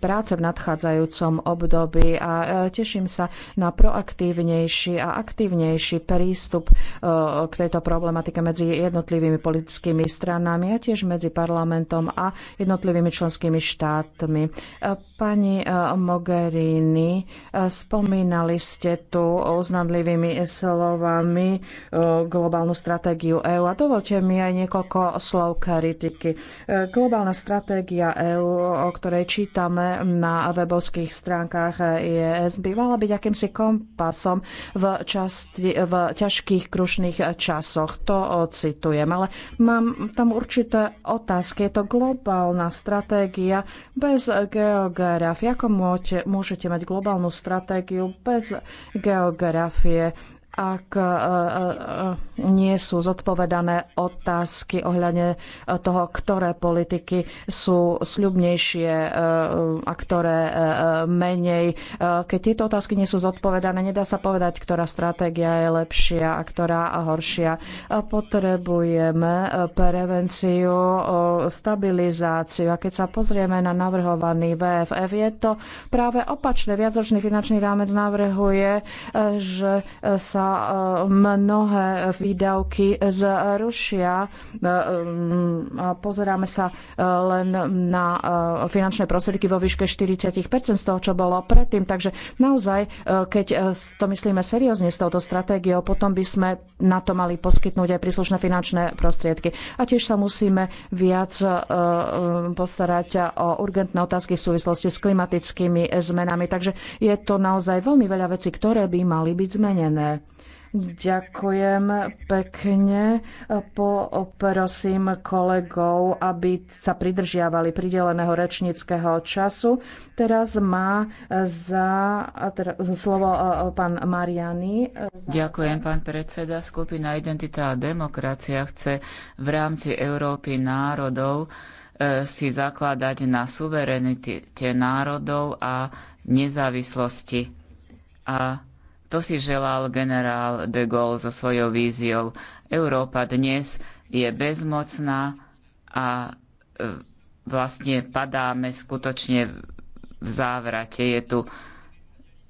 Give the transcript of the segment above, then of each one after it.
práce v nadchádzajúcom období a e, teším sa na proaktívnejší a aktívnejší prístup e, k tejto problematike medzi jednotlivými politickými stranami a tiež medzi parlamentom a jednotlivými členskými štátmi. E, pani Mogherini, spomínali ste tu uznadlivými slovami globálnu stratégiu EÚ a dovolte mi aj niekoľko slov kritiky. Globálna stratégia EÚ, o ktorej čítame ale na webovských stránkach IES by mala byť akýmsi kompasom v, časti, v ťažkých krušných časoch. To citujem, ale mám tam určité otázky. Je to globálna stratégia bez geografie. Ako môžete, môžete mať globálnu stratégiu bez geografie? ak e, e, e, nie sú zodpovedané otázky ohľadne toho, ktoré politiky sú sľubnejšie a ktoré menej. Keď tieto otázky nie sú zodpovedané, nedá sa povedať, ktorá stratégia je lepšia a ktorá horšia. Potrebujeme prevenciu, stabilizáciu a keď sa pozrieme na navrhovaný VFF, je to práve opačné. Viacročný finančný rámec navrhuje, že sa mnohé výdavky zrušia. E, mm, pozeráme sa e, len na e, finančné prostriedky vo výške 40 z toho, čo bolo predtým. Takže naozaj, keď to myslíme seriózne s touto stratégiou, potom by sme na to mali poskytnúť aj príslušné finančné prostriedky. A tiež sa musíme viac postarať o urgentné otázky v súvislosti s klimatickými zmenami. Takže je to naozaj veľmi veľa vecí, ktoré by mali byť zmenené. Ďakujem pekne. Poprosím kolegov, aby sa pridržiavali prideleného rečníckého času. Teraz má za teda, slovo pán Mariani. Ďakujem, pán predseda. Skupina Identita a demokracia chce v rámci Európy národov e, si zakladať na suverenite národov a nezávislosti. A to si želal generál de Gaulle so svojou víziou. Európa dnes je bezmocná a e, vlastne padáme skutočne v závrate. Je tu,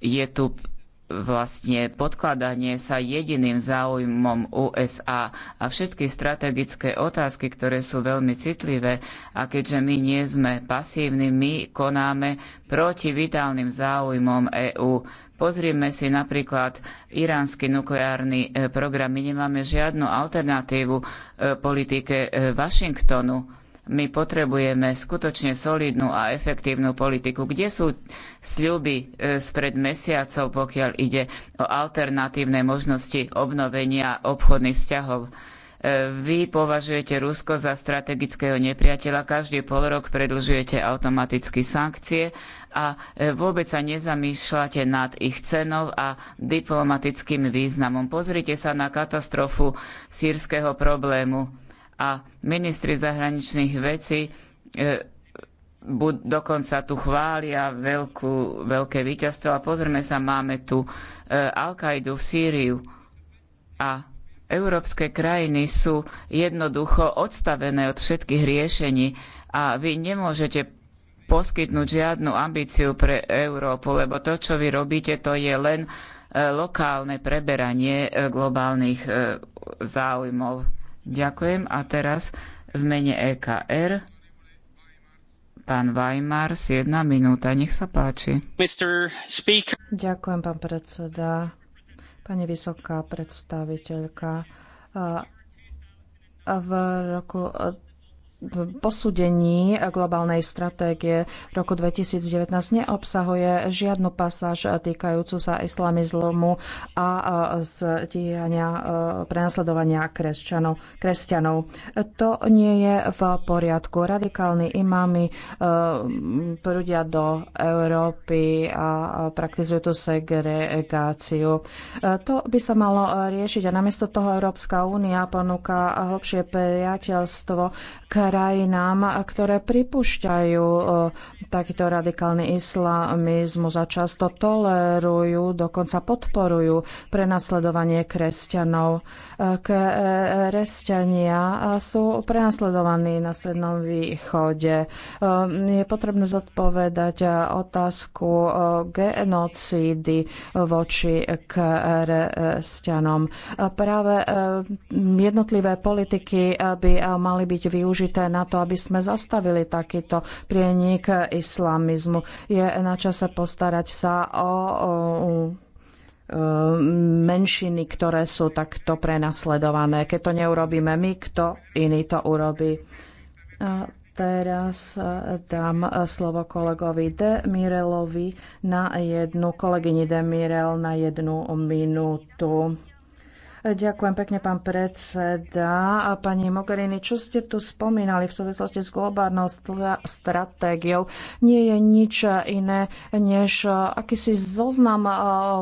je tu vlastne podkladanie sa jediným záujmom USA a všetky strategické otázky, ktoré sú veľmi citlivé a keďže my nie sme pasívni, my konáme proti vitálnym záujmom EÚ. Pozrieme si napríklad iránsky nukleárny e, program. My nemáme žiadnu alternatívu e, politike e, Washingtonu. My potrebujeme skutočne solidnú a efektívnu politiku. Kde sú sľuby spred mesiacov, pokiaľ ide o alternatívne možnosti obnovenia obchodných vzťahov? Vy považujete Rusko za strategického nepriateľa, každý pol rok predlžujete automaticky sankcie a e, vôbec sa nezamýšľate nad ich cenou a diplomatickým významom. Pozrite sa na katastrofu sírskeho problému a ministri zahraničných vecí e, dokonca tu chvália veľkú, veľké víťazstvo a pozrime sa, máme tu e, Al-Kaidu v Sýriu a európske krajiny sú jednoducho odstavené od všetkých riešení a vy nemôžete poskytnúť žiadnu ambíciu pre Európu, lebo to, čo vy robíte, to je len e, lokálne preberanie e, globálnych e, záujmov. Ďakujem. A teraz v mene EKR pán Weimar, jedna minúta, nech sa páči. Ďakujem, pán predseda. Pani vysoká predstaviteľka, v roku posúdení globálnej stratégie roku 2019 neobsahuje žiadnu pasáž týkajúcu sa islamizmu a stíhania e, prenasledovania kresťanov. kresťanov. To nie je v poriadku. Radikálni imámy e, prúdia do Európy a praktizujú tu segregáciu. E, to by sa malo riešiť a namiesto toho Európska únia ponúka hlbšie priateľstvo k krajinám, ktoré pripúšťajú e, takýto radikálny islamizmus a často tolerujú, dokonca podporujú prenasledovanie kresťanov. Kresťania e, e, sú prenasledovaní na Strednom východe. E, je potrebné zodpovedať otázku genocídy voči kresťanom. Práve jednotlivé politiky by mali byť využité na to, aby sme zastavili takýto prienik islamizmu. Je na čase postarať sa o Ehm, menšiny, ktoré sú takto prenasledované. Keď to neurobíme my, kto iný to urobí? A teraz eh, dám eh, slovo kolegovi De Mirelovi na jednu, kolegyni De Mirel na jednu minútu. Ďakujem pekne, pán predseda. A pani Mogherini, čo ste tu spomínali v súvislosti s globálnou stratégiou, nie je nič iné, než e, akýsi zoznam e,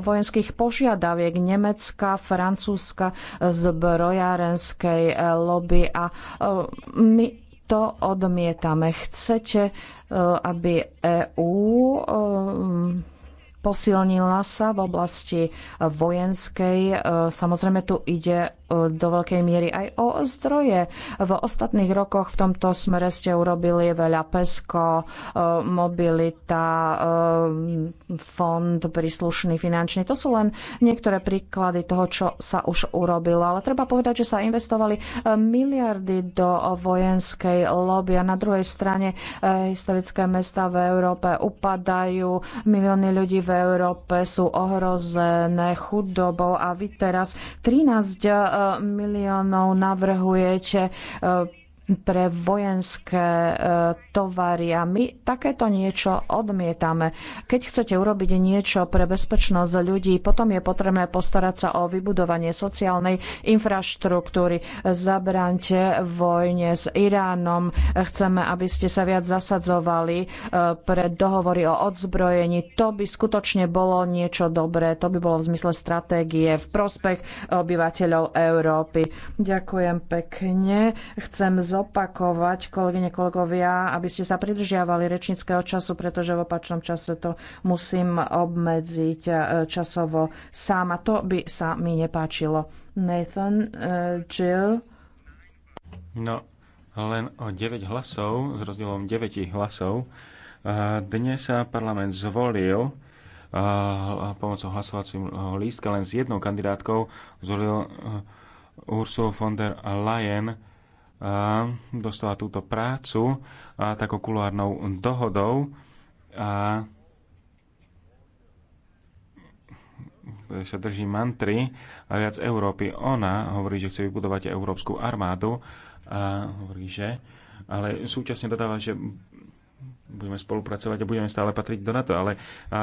vojenských požiadaviek Nemecka, Francúzska, zbrojárenskej e, lobby a my to odmietame. Chcete, aby EÚ posilnila sa v oblasti e, vojenskej. E, samozrejme, tu ide e, do veľkej miery aj o zdroje. V ostatných rokoch v tomto smere ste urobili veľa PESCO, mobilita, fond príslušný finančný. To sú len niektoré príklady toho, čo sa už urobilo. Ale treba povedať, že sa investovali miliardy do vojenskej lobby a na druhej strane historické mesta v Európe upadajú, milióny ľudí v Európe sú ohrozené chudobou a vy teraz 13 eh, miliónov navrhujete eh, pre vojenské e, tovary a my takéto niečo odmietame. Keď chcete urobiť niečo pre bezpečnosť ľudí, potom je potrebné postarať sa o vybudovanie sociálnej infraštruktúry. Zabraňte vojne s Iránom. Chceme, aby ste sa viac zasadzovali e, pre dohovory o odzbrojení. To by skutočne bolo niečo dobré. To by bolo v zmysle stratégie v prospech obyvateľov Európy. Ďakujem pekne. Chcem zopakovať, kolegyne, kolegovia, aby ste sa pridržiavali rečníckého času, pretože v opačnom čase to musím obmedziť e, časovo sám a to by sa mi nepáčilo. Nathan, uh, Jill. No, len o 9 hlasov, s rozdielom 9 hlasov, e, dnes sa parlament zvolil pomocou hlasovacieho lístka len s jednou kandidátkou, zvolil Ursula von der Leyen dostala túto prácu takou kulárnou dohodou a sa drží mantry a viac Európy. Ona hovorí, že chce vybudovať európsku armádu a hovorí, že ale súčasne dodáva, že budeme spolupracovať a budeme stále patriť do NATO, ale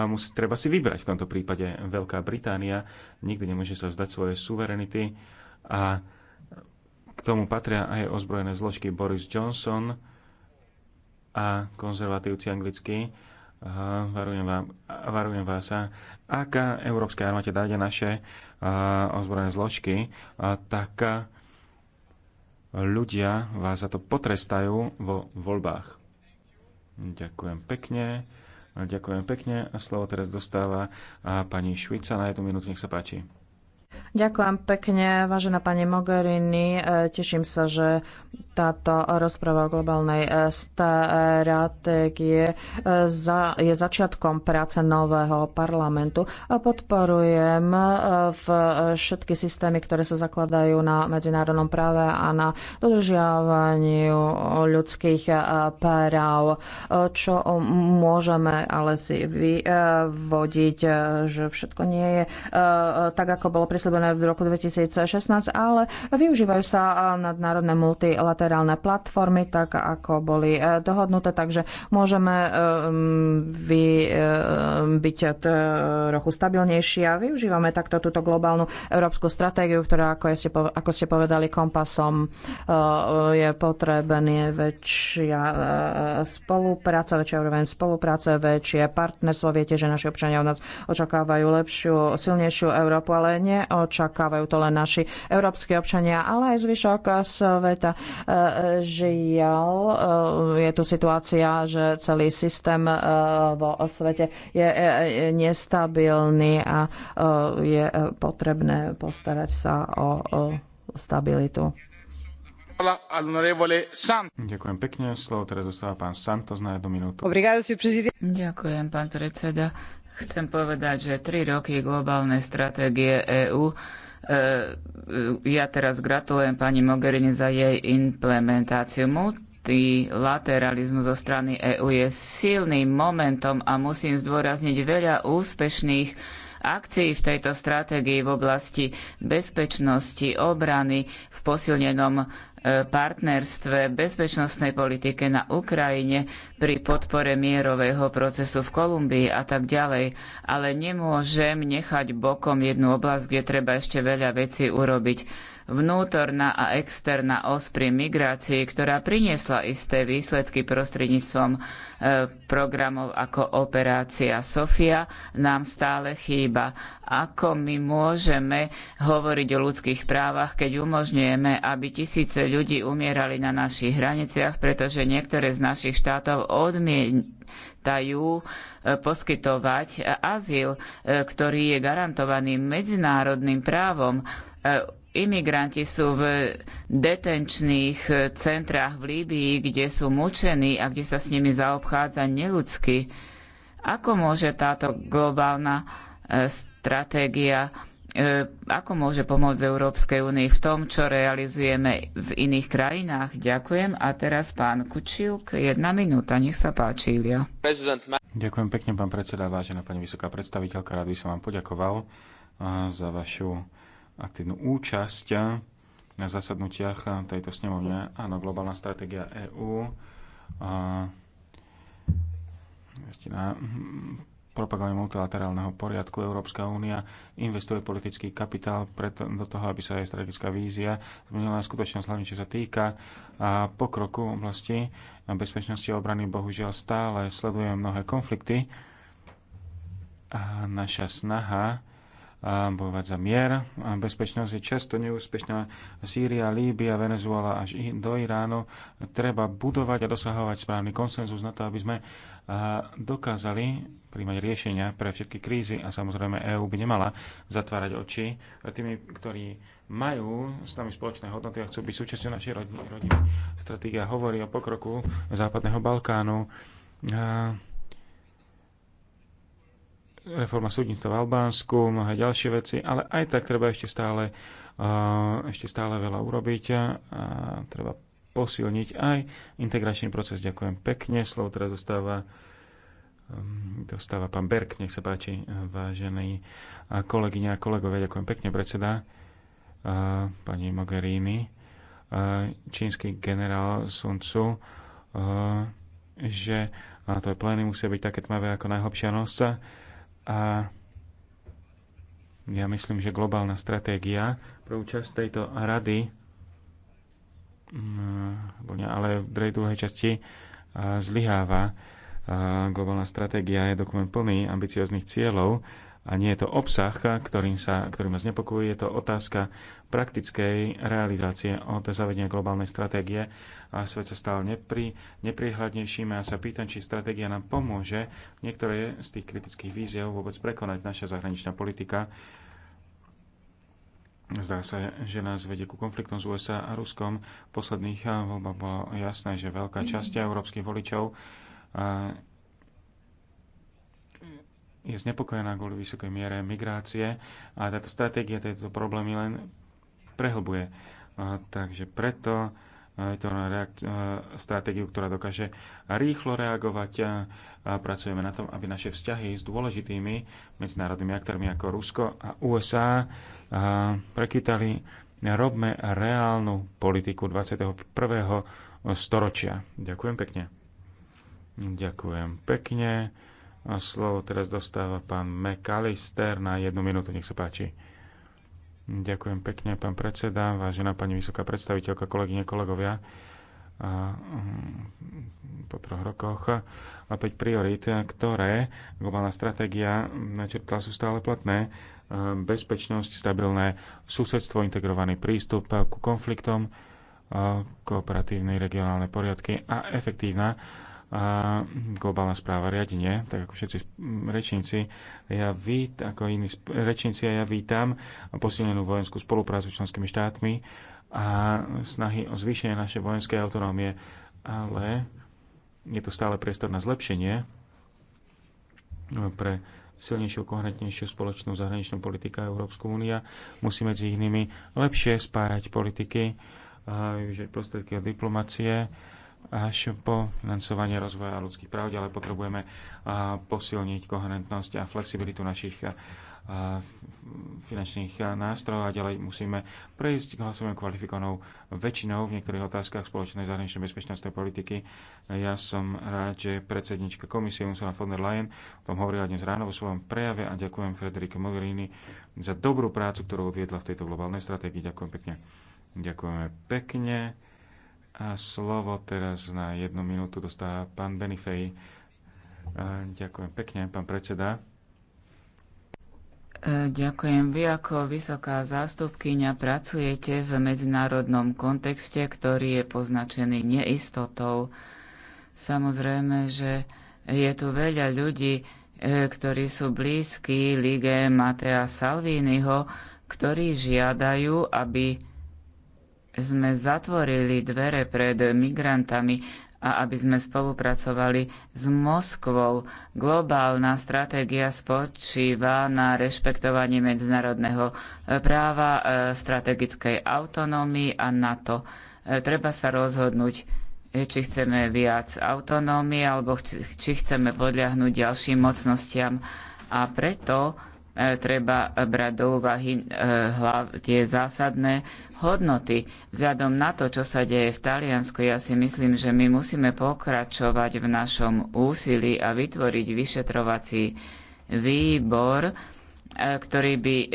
musí, treba si vybrať v tomto prípade. Veľká Británia nikdy nemôže sa vzdať svoje suverenity a k tomu patria aj ozbrojené zložky Boris Johnson a konzervatívci anglicky. Varujem, vám, varujem vás, ak európska armáda dáde naše ozbrojené zložky, tak ľudia vás za to potrestajú vo voľbách. Ďakujem pekne. Ďakujem pekne. A slovo teraz dostáva pani Švica na jednu minútu. Nech sa páči. Ďakujem pekne, vážená pani Mogherini. E, teším sa, že táto rozpráva o globálnej e, stratégie e, je začiatkom práce nového parlamentu. Podporujem všetky systémy, ktoré sa zakladajú na medzinárodnom práve a na dodržiavaniu ľudských práv, čo môžeme ale si vyvodiť, že všetko nie je tak, ako bolo pri prislúbené v roku 2016, ale využívajú sa nadnárodné multilaterálne platformy, tak ako boli e, dohodnuté, takže môžeme e, vy, e, byť trochu stabilnejší a využívame takto túto globálnu európsku stratégiu, ktorá, ako ste, ako ste povedali, kompasom je potrebné väčšia spolupráca, väčšia úroveň spolupráce, väčšie partnerstvo. Viete, že naši občania od nás očakávajú lepšiu, silnejšiu Európu, ale nie neočakávajú to len naši európsky občania, ale aj zvyšok sveta. E, žiaľ, e, je tu situácia, že celý systém e, vo svete je nestabilný a je potrebné postarať sa o stabilitu. Ďakujem pekne. Slovo teraz zostáva pán Santos na jednu minútu. Ďakujem, pán predseda. Chcem povedať, že tri roky globálnej stratégie EÚ e, ja teraz gratulujem pani Mogherini za jej implementáciu. Multilateralizmu zo strany EÚ je silným momentom a musím zdôrazniť veľa úspešných akcií v tejto stratégii v oblasti bezpečnosti, obrany, v posilnenom partnerstve, bezpečnostnej politike na Ukrajine, pri podpore mierového procesu v Kolumbii a tak ďalej. Ale nemôžem nechať bokom jednu oblasť, kde treba ešte veľa vecí urobiť vnútorná a externá os pri migrácii, ktorá priniesla isté výsledky prostredníctvom e, programov ako Operácia Sofia, nám stále chýba. Ako my môžeme hovoriť o ľudských právach, keď umožňujeme, aby tisíce ľudí umierali na našich hraniciach, pretože niektoré z našich štátov odmietajú e, poskytovať e, azyl, e, ktorý je garantovaný medzinárodným právom imigranti sú v detenčných centrách v Líbii, kde sú mučení a kde sa s nimi zaobchádza neludsky. Ako môže táto globálna e, stratégia e, ako môže pomôcť Európskej únii v tom, čo realizujeme v iných krajinách? Ďakujem. A teraz pán Kučiuk, jedna minúta, nech sa páči, Ilia. Ďakujem pekne, pán predseda, vážená pani vysoká predstaviteľka, rád by som vám poďakoval e, za vašu aktívnu účasť na zasadnutiach tejto snemovne. Áno, globálna stratégia EÚ na propagovanie multilaterálneho poriadku Európska únia investuje politický kapitál preto, do toho, aby sa jej strategická vízia zmenila na skutočnosť, hlavne čo sa týka a pokroku v oblasti bezpečnosti a obrany. Bohužiaľ stále sledujeme mnohé konflikty a naša snaha bojovať za mier a bezpečnosť je často neúspešná. Sýria, Líbia, Venezuela až do Iránu. Treba budovať a dosahovať správny konsenzus na to, aby sme dokázali príjmať riešenia pre všetky krízy a samozrejme EÚ by nemala zatvárať oči tými, ktorí majú s nami spoločné hodnoty a chcú byť súčasťou našej rodiny. Stratégia hovorí o pokroku Západného Balkánu reforma súdnictva v Albánsku, mnohé ďalšie veci, ale aj tak treba ešte stále, eh, ešte stále veľa urobiť a treba posilniť aj integračný proces. Ďakujem pekne. Slovo teraz zostáva ehm, dostáva pán Berg, nech sa páči, vážený eh, kolegyňa a kolegovia, ďakujem pekne, predseda, eh, pani Mogherini, čínsky generál Sun Tzu, že to je plény musia byť také tmavé ako najhlbšia nosca, a ja myslím, že globálna stratégia pre účasť tejto rady, mm, ale v druhej, druhej časti zlyháva. Globálna stratégia je dokument plný ambicioznych cieľov, a nie je to obsah, ktorým sa, ktorý ma znepokojuje, je to otázka praktickej realizácie od zavedenia globálnej stratégie. A svet sa stal nepri, neprihľadnejším a ja sa pýtam, či stratégia nám pomôže niektoré z tých kritických víziev vôbec prekonať naša zahraničná politika. Zdá sa, že nás vedie ku konfliktom s USA a Ruskom. V posledných voľbách bolo jasné, že veľká časť európskych voličov je znepokojená kvôli vysokej miere migrácie a táto stratégia tieto problémy len prehlbuje. Takže preto e, je to reak- e, stratégiu, ktorá dokáže rýchlo reagovať a pracujeme na tom, aby naše vzťahy s dôležitými medzinárodnými aktérmi ako Rusko a USA prekytali robme reálnu politiku 21. storočia. Ďakujem pekne. Ďakujem pekne. A slovo teraz dostáva pán McAllister na jednu minútu, nech sa páči. Ďakujem pekne, pán predseda, vážená pani vysoká predstaviteľka, kolegyne, kolegovia. A, mm, po troch rokoch a 5 priorít, ktoré globálna stratégia načrtla sú stále platné. Bezpečnosť, stabilné susedstvo, integrovaný prístup ku konfliktom, kooperatívne regionálne poriadky a efektívna a globálna správa riadenie, tak ako všetci rečníci, ja vít, ako iní rečníci, ja vítam posilnenú vojenskú spoluprácu s členskými štátmi a snahy o zvýšenie našej vojenskej autonómie, ale je to stále priestor na zlepšenie pre silnejšiu, kohrentnejšiu spoločnú zahraničnú politiku Európsku únia musí medzi inými lepšie spájať politiky, využiť prostriedky od diplomacie, až po financovanie rozvoja ľudských práv, ale potrebujeme posilniť koherentnosť a flexibilitu našich finančných nástrojov a ďalej musíme prejsť k hlasovým kvalifikovanou väčšinou v niektorých otázkach spoločnej zahraničnej bezpečnostnej politiky. Ja som rád, že predsednička komisie Ursula von der Leyen o tom hovorila dnes ráno vo svojom prejave a ďakujem Frederike Mogherini za dobrú prácu, ktorú odviedla v tejto globálnej stratégii. Ďakujem pekne. Ďakujeme pekne. A slovo teraz na jednu minútu dostáva pán Benifej. Ďakujem pekne, pán predseda. E, ďakujem. Vy ako vysoká zástupkyňa pracujete v medzinárodnom kontexte, ktorý je poznačený neistotou. Samozrejme, že je tu veľa ľudí, e, ktorí sú blízki Lige Matea Salviniho, ktorí žiadajú, aby sme zatvorili dvere pred migrantami a aby sme spolupracovali s Moskvou. Globálna stratégia spočíva na rešpektovaní medzinárodného e, práva, e, strategickej autonómii a NATO. E, treba sa rozhodnúť, či chceme viac autonómie alebo či chceme podľahnúť ďalším mocnostiam. A preto treba brať do úvahy tie zásadné hodnoty. Vzhľadom na to, čo sa deje v Taliansku, ja si myslím, že my musíme pokračovať v našom úsilí a vytvoriť vyšetrovací výbor, E, ktorý by e,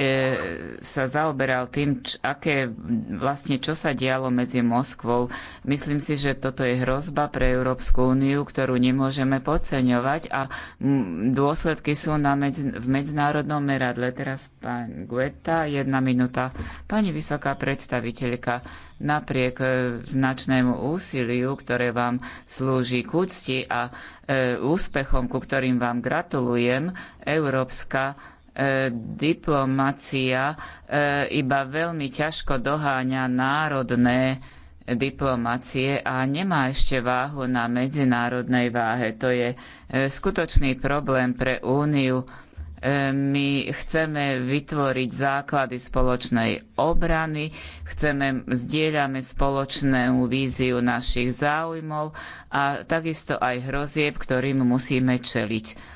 sa zaoberal tým, č, aké vlastne čo sa dialo medzi Moskvou. Myslím si, že toto je hrozba pre Európsku úniu, ktorú nemôžeme podceňovať a dôsledky sú na medz, v medzinárodnom meradle. Teraz pán Guetta, jedna minúta. Pani vysoká predstaviteľka, napriek e, značnému úsiliu, ktoré vám slúži k úcti a e, úspechom, ku ktorým vám gratulujem, Európska E, diplomacia e, iba veľmi ťažko doháňa národné diplomacie a nemá ešte váhu na medzinárodnej váhe. To je e, skutočný problém pre Úniu. My chceme vytvoriť základy spoločnej obrany, chceme, zdieľame spoločnú víziu našich záujmov a takisto aj hrozieb, ktorým musíme čeliť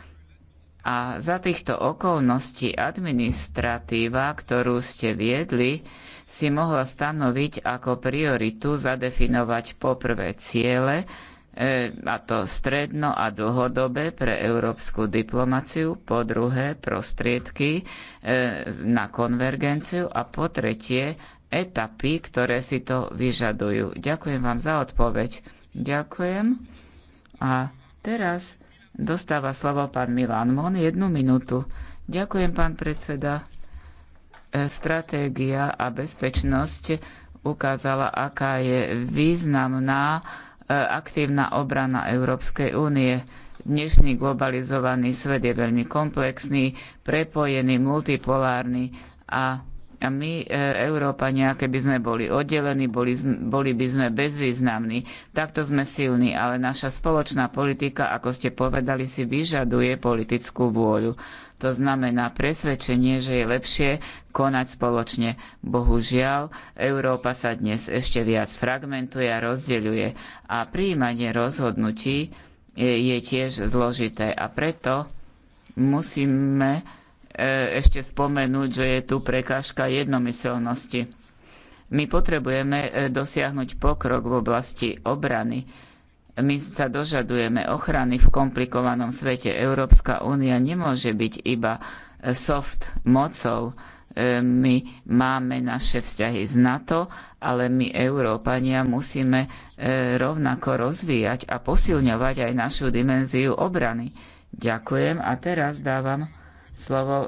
a za týchto okolností administratíva, ktorú ste viedli, si mohla stanoviť ako prioritu zadefinovať poprvé ciele, e, a to stredno a dlhodobé pre európsku diplomáciu, po druhé prostriedky e, na konvergenciu a po tretie etapy, ktoré si to vyžadujú. Ďakujem vám za odpoveď. Ďakujem. A teraz Dostáva slovo pán Milan Mon, jednu minútu. Ďakujem, pán predseda. E, stratégia a bezpečnosť ukázala, aká je významná e, aktívna obrana Európskej únie. Dnešný globalizovaný svet je veľmi komplexný, prepojený, multipolárny a a my, e, Európania, keby sme boli oddelení, boli, boli by sme bezvýznamní. Takto sme silní, ale naša spoločná politika, ako ste povedali, si vyžaduje politickú vôľu. To znamená presvedčenie, že je lepšie konať spoločne. Bohužiaľ, Európa sa dnes ešte viac fragmentuje a rozdeľuje a príjmanie rozhodnutí je tiež zložité a preto musíme E, ešte spomenúť, že je tu prekážka jednomyselnosti. My potrebujeme e, dosiahnuť pokrok v oblasti obrany. My sa dožadujeme ochrany v komplikovanom svete. Európska únia nemôže byť iba e, soft mocou. My máme naše vzťahy z NATO, ale my Európania musíme rovnako rozvíjať a posilňovať aj našu dimenziu obrany. Ďakujem a teraz dávam slovo e,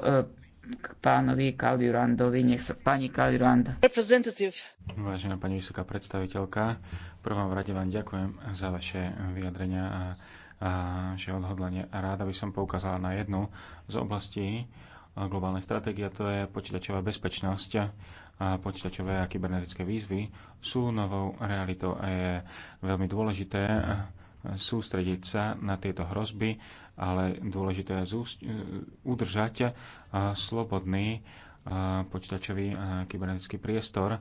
k pánovi Kaljurandovi. Nech sa pani Kaljurand. Vážená pani vysoká predstaviteľka, prvom rade vám ďakujem za vaše vyjadrenia a, a vaše odhodlanie. Ráda by som poukázala na jednu z oblastí e, globálnej stratégie, to je počítačová bezpečnosť. A počítačové a kybernetické výzvy sú novou realitou a je veľmi dôležité e, sústrediť sa na tieto hrozby ale dôležité je e, udržať e, slobodný e, počítačový kybernetický priestor.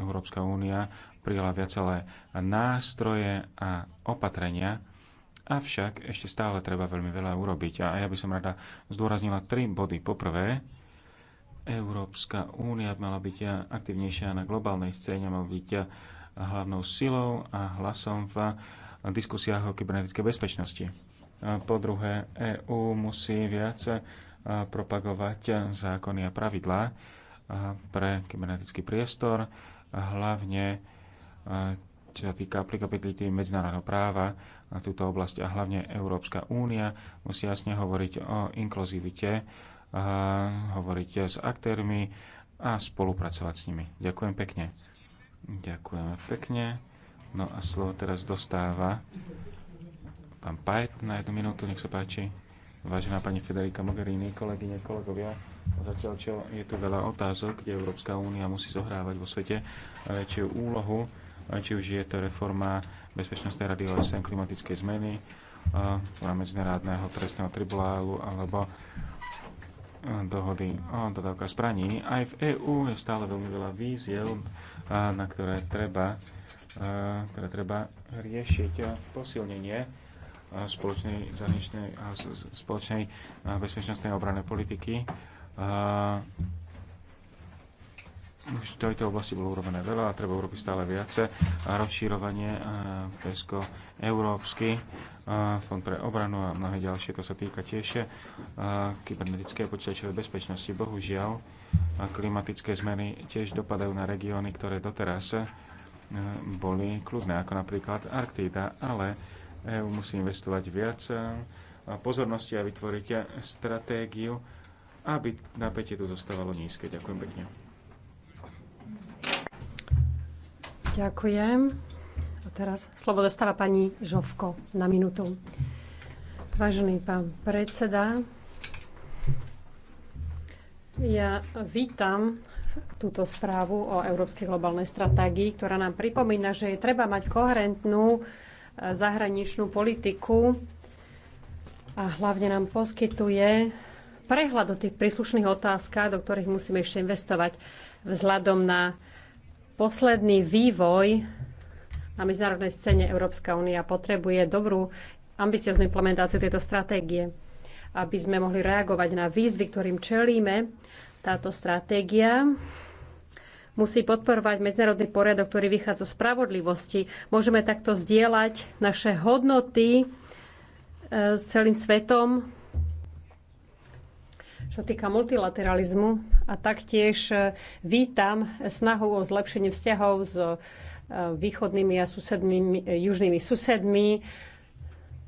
Európska únia prijala viacelé nástroje a opatrenia, avšak ešte stále treba veľmi veľa urobiť. A ja by som rada zdôraznila tri body. Poprvé, Európska únia mala byť aktivnejšia na globálnej scéne, mala byť hlavnou silou a hlasom v diskusiách o kybernetickej bezpečnosti po druhé, EÚ musí viac e, propagovať zákony a pravidlá e, pre kybernetický priestor, hlavne e, čo sa týka aplikability medzinárodného práva na túto oblasť a hlavne Európska únia musí jasne hovoriť o inkluzivite, hovoriť s aktérmi a spolupracovať s nimi. Ďakujem pekne. Ďakujeme pekne. No a slovo teraz dostáva Pán Pajt na jednu minútu, nech sa páči. Vážená pani Federica Mogherini, kolegyne, kolegovia, zatiaľ čo je tu veľa otázok, kde Európska únia musí zohrávať vo svete väčšiu úlohu, či už je to reforma Bezpečnostnej rady OSN klimatickej zmeny, medzinárodného trestného tribunálu alebo dohody o dodávkach zbraní. Aj v EÚ je stále veľmi veľa víziev, na ktoré treba, ktoré treba riešiť posilnenie spoločnej, zahraničnej spoločnej bezpečnostnej obranej politiky. Už v tejto oblasti bolo urobené veľa a treba urobiť stále viace. A rozšírovanie PESCO Európsky fond pre obranu a mnohé ďalšie. To sa týka tiež kybernetické počítačové bezpečnosti. Bohužiaľ, klimatické zmeny tiež dopadajú na regióny, ktoré doteraz boli kľudné, ako napríklad Arktída, ale EÚ musí investovať viac e, pozornosti a vytvoriť stratégiu, aby napätie tu zostávalo nízke. Ďakujem pekne. Ďakujem. A teraz slovo dostáva pani Žovko na minútu. Vážený pán predseda, ja vítam túto správu o Európskej globálnej stratégii, ktorá nám pripomína, že je treba mať koherentnú zahraničnú politiku a hlavne nám poskytuje prehľad o tých príslušných otázkach, do ktorých musíme ešte investovať vzhľadom na posledný vývoj na medzinárodnej scéne Európska únia potrebuje dobrú ambicioznú implementáciu tejto stratégie, aby sme mohli reagovať na výzvy, ktorým čelíme. Táto stratégia musí podporovať medzinárodný poriadok, ktorý vychádza zo spravodlivosti. Môžeme takto zdieľať naše hodnoty e, s celým svetom, čo týka multilateralizmu a taktiež e, vítam snahu o zlepšenie vzťahov s e, východnými a susednými, južnými susedmi.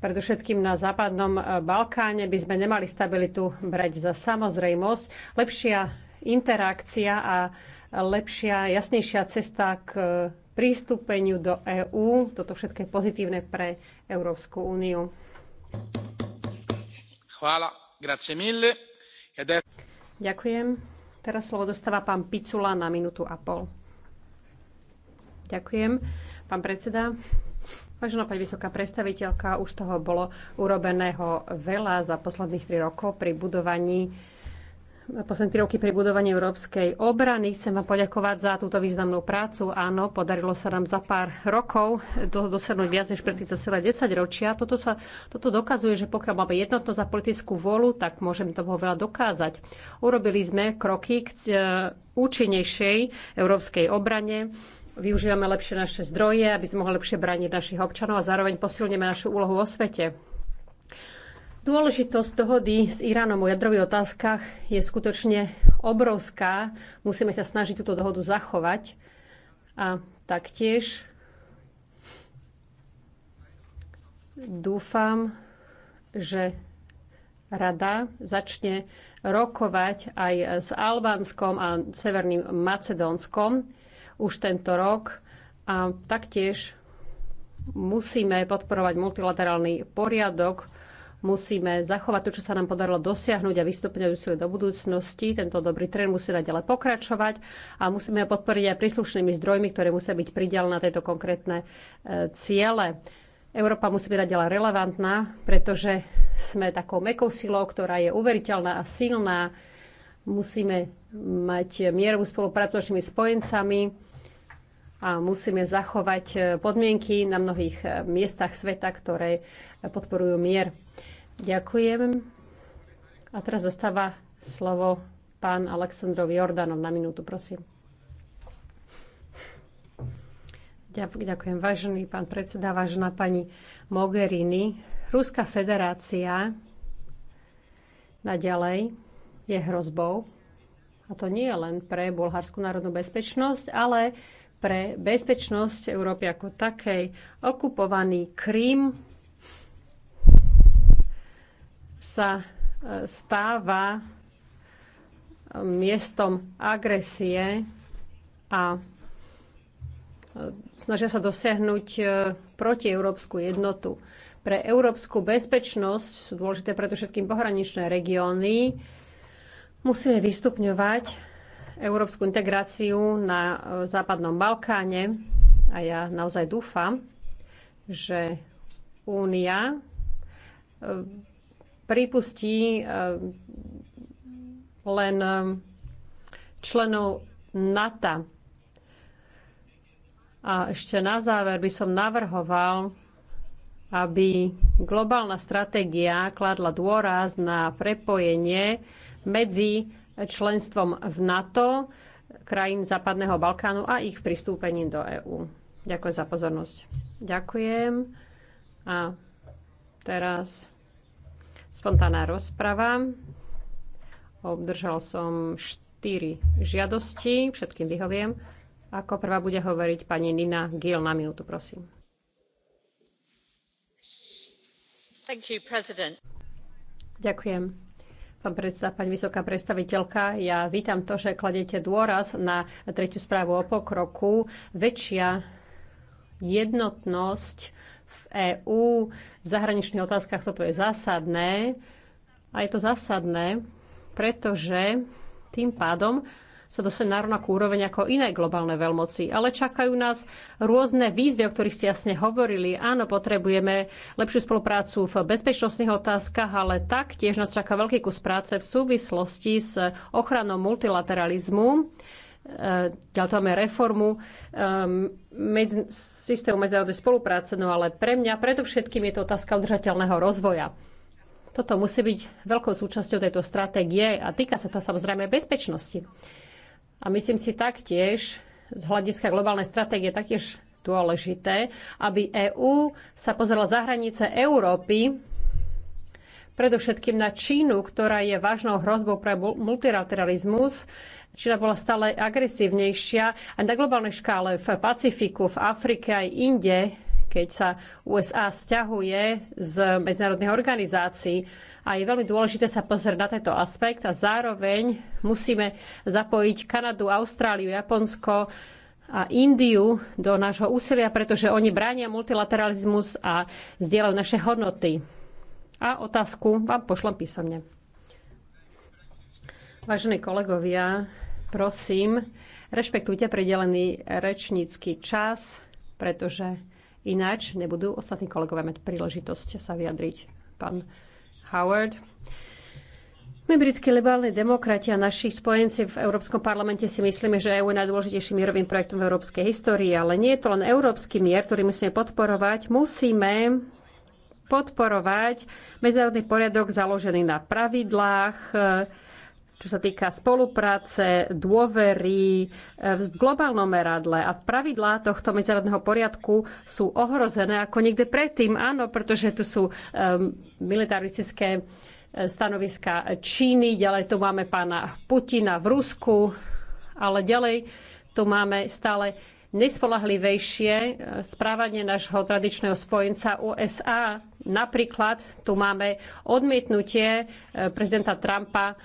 Predovšetkým na západnom Balkáne by sme nemali stabilitu brať za samozrejmosť. Lepšia interakcia a lepšia, jasnejšia cesta k e, prístupeniu do EÚ. Toto všetko je pozitívne pre Európsku úniu. Chvála. Grazie mille. E Ďakujem. Teraz slovo dostáva pán Picula na minútu a pol. Ďakujem. Pán predseda, Vážená pani vysoká predstaviteľka, už toho bolo urobeného veľa za posledných tri rokov pri budovaní posledné tri roky pri budovaní európskej obrany. Chcem vám poďakovať za túto významnú prácu. Áno, podarilo sa nám za pár rokov dosiahnuť viac než pred za 10 ročia. Toto, sa, toto dokazuje, že pokiaľ máme jednotnosť za politickú volu, tak môžeme toho veľa dokázať. Urobili sme kroky k e, účinnejšej európskej obrane využívame lepšie naše zdroje, aby sme mohli lepšie brániť našich občanov a zároveň posilneme našu úlohu vo svete. Dôležitosť dohody s Iránom o jadrových otázkach je skutočne obrovská. Musíme sa snažiť túto dohodu zachovať. A taktiež dúfam, že rada začne rokovať aj s Albánskom a Severným Macedónskom už tento rok. A taktiež musíme podporovať multilaterálny poriadok, Musíme zachovať to, čo sa nám podarilo dosiahnuť a vystupňovať úsilie do budúcnosti. Tento dobrý trend musí naďalej pokračovať a musíme podporiť aj príslušnými zdrojmi, ktoré musia byť pridelené na tieto konkrétne e, ciele. Európa musí byť naďalej relevantná, pretože sme takou mekou silou, ktorá je uveriteľná a silná. Musíme mať mierovú spoluprácu s našimi spojencami a musíme zachovať e, podmienky na mnohých e, miestach sveta, ktoré e, podporujú mier. Ďakujem. A teraz zostáva slovo pán Aleksandrov Jordanov na minútu, prosím. Ďakujem, vážený pán predseda, vážená pani Mogherini. Ruská federácia naďalej je hrozbou. A to nie len pre bulharskú národnú bezpečnosť, ale pre bezpečnosť Európy ako takej. Okupovaný Krím sa e, stáva e, miestom agresie a e, snažia sa dosiahnuť protieurópsku jednotu. Pre európsku bezpečnosť sú dôležité preto všetkým pohraničné regióny. Musíme vystupňovať európsku integráciu na e, Západnom Balkáne a ja naozaj dúfam, že Únia e, pripustí e, len členov NATO. A ešte na záver by som navrhoval, aby globálna stratégia kladla dôraz na prepojenie medzi členstvom v NATO, krajín Západného Balkánu a ich pristúpením do EÚ. Ďakujem za pozornosť. Ďakujem. A teraz spontánna rozprava. Obdržal som štyri žiadosti, všetkým vyhoviem. Ako prvá bude hovoriť pani Nina Gill na minútu, prosím. You, Ďakujem. Pán predseda, pani vysoká predstaviteľka, ja vítam to, že kladete dôraz na tretiu správu o pokroku. Väčšia jednotnosť v EÚ v zahraničných otázkach toto je zásadné. A je to zásadné, pretože tým pádom sa dostať na rovnakú úroveň ako iné globálne veľmoci. Ale čakajú nás rôzne výzvy, o ktorých ste jasne hovorili. Áno, potrebujeme lepšiu spoluprácu v bezpečnostných otázkach, ale taktiež nás čaká veľký kus práce v súvislosti s ochranou multilateralizmu e, ďalej máme reformu e, medzi, systému medzinárodnej spolupráce, no ale pre mňa predovšetkým je to otázka udržateľného rozvoja. Toto musí byť veľkou súčasťou tejto stratégie a týka sa to samozrejme bezpečnosti. A myslím si taktiež, z hľadiska globálnej stratégie taktiež dôležité, aby EÚ sa pozrela za hranice Európy, predovšetkým na Čínu, ktorá je vážnou hrozbou pre multilateralizmus. Čína bola stále agresívnejšia aj na globálnej škále v Pacifiku, v Afrike aj inde keď sa USA stiahuje z medzinárodných organizácií. A je veľmi dôležité sa pozrieť na tento aspekt a zároveň musíme zapojiť Kanadu, Austráliu, Japonsko, a Indiu do nášho úsilia, pretože oni bránia multilateralizmus a zdieľajú naše hodnoty. A otázku vám pošlem písomne. Vážení kolegovia, prosím, rešpektujte pridelený rečnícky čas, pretože Ináč nebudú ostatní kolegovia mať príležitosť sa vyjadriť. Pán Howard. My, britskí liberálni demokrati a naši spojenci v Európskom parlamente si myslíme, že EU je najdôležitejším mierovým projektom v európskej histórii, ale nie je to len európsky mier, ktorý musíme podporovať. Musíme podporovať medzinárodný poriadok založený na pravidlách, čo sa týka spolupráce, dôvery e, v globálnom meradle. A pravidlá tohto medzinárodného poriadku sú ohrozené ako niekde predtým. Áno, pretože tu sú um, militaristické e, stanoviska Číny, ďalej tu máme pána Putina v Rusku, ale ďalej tu máme stále nespolahlivejšie e, správanie nášho tradičného spojenca USA. Napríklad tu máme odmietnutie prezidenta Trumpa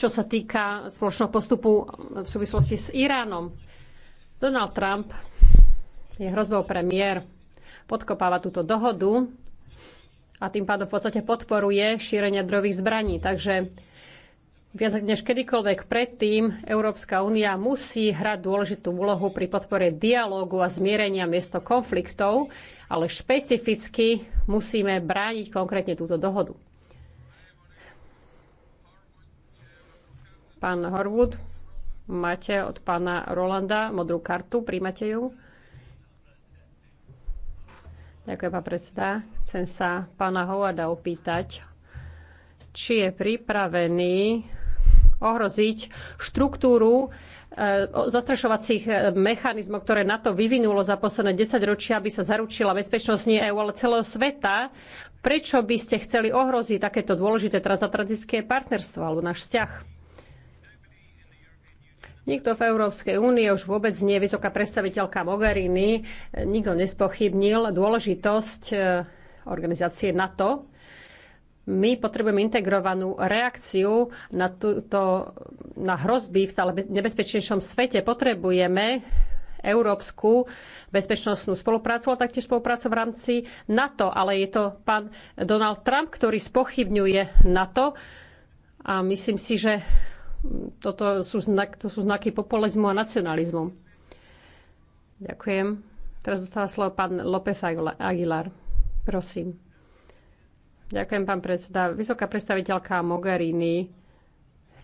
čo sa týka spoločného postupu v súvislosti s Iránom. Donald Trump je hrozbou premiér, podkopáva túto dohodu a tým pádom v podstate podporuje šírenie drových zbraní. Takže viac než kedykoľvek predtým Európska únia musí hrať dôležitú úlohu pri podpore dialógu a zmierenia miesto konfliktov, ale špecificky musíme brániť konkrétne túto dohodu. Pán Horwood, máte od pána Rolanda modrú kartu, príjmate ju. Ďakujem, pán predseda. Chcem sa pána Howarda opýtať, či je pripravený ohroziť štruktúru e, zastrešovacích e, mechanizmov, ktoré na to vyvinulo za posledné 10 ročia, aby sa zaručila bezpečnosť nie EU, ale celého sveta. Prečo by ste chceli ohroziť takéto dôležité transatlantické partnerstvo alebo náš vzťah? Nikto v Európskej únie už vôbec nie vysoká predstaviteľka Mogherini, e, nikto nespochybnil dôležitosť e, organizácie NATO. My potrebujeme integrovanú reakciu na, túto, na hrozby v stále nebezpečnejšom svete. Potrebujeme európsku bezpečnostnú spoluprácu, a taktiež spoluprácu v rámci NATO. Ale je to pán Donald Trump, ktorý spochybňuje NATO. A myslím si, že toto sú, znak, to sú znaky populizmu a nacionalizmu. Ďakujem. Teraz dostáva slovo pán López Aguilar. Prosím. Ďakujem, pán predseda. Vysoká predstaviteľka Mogherini.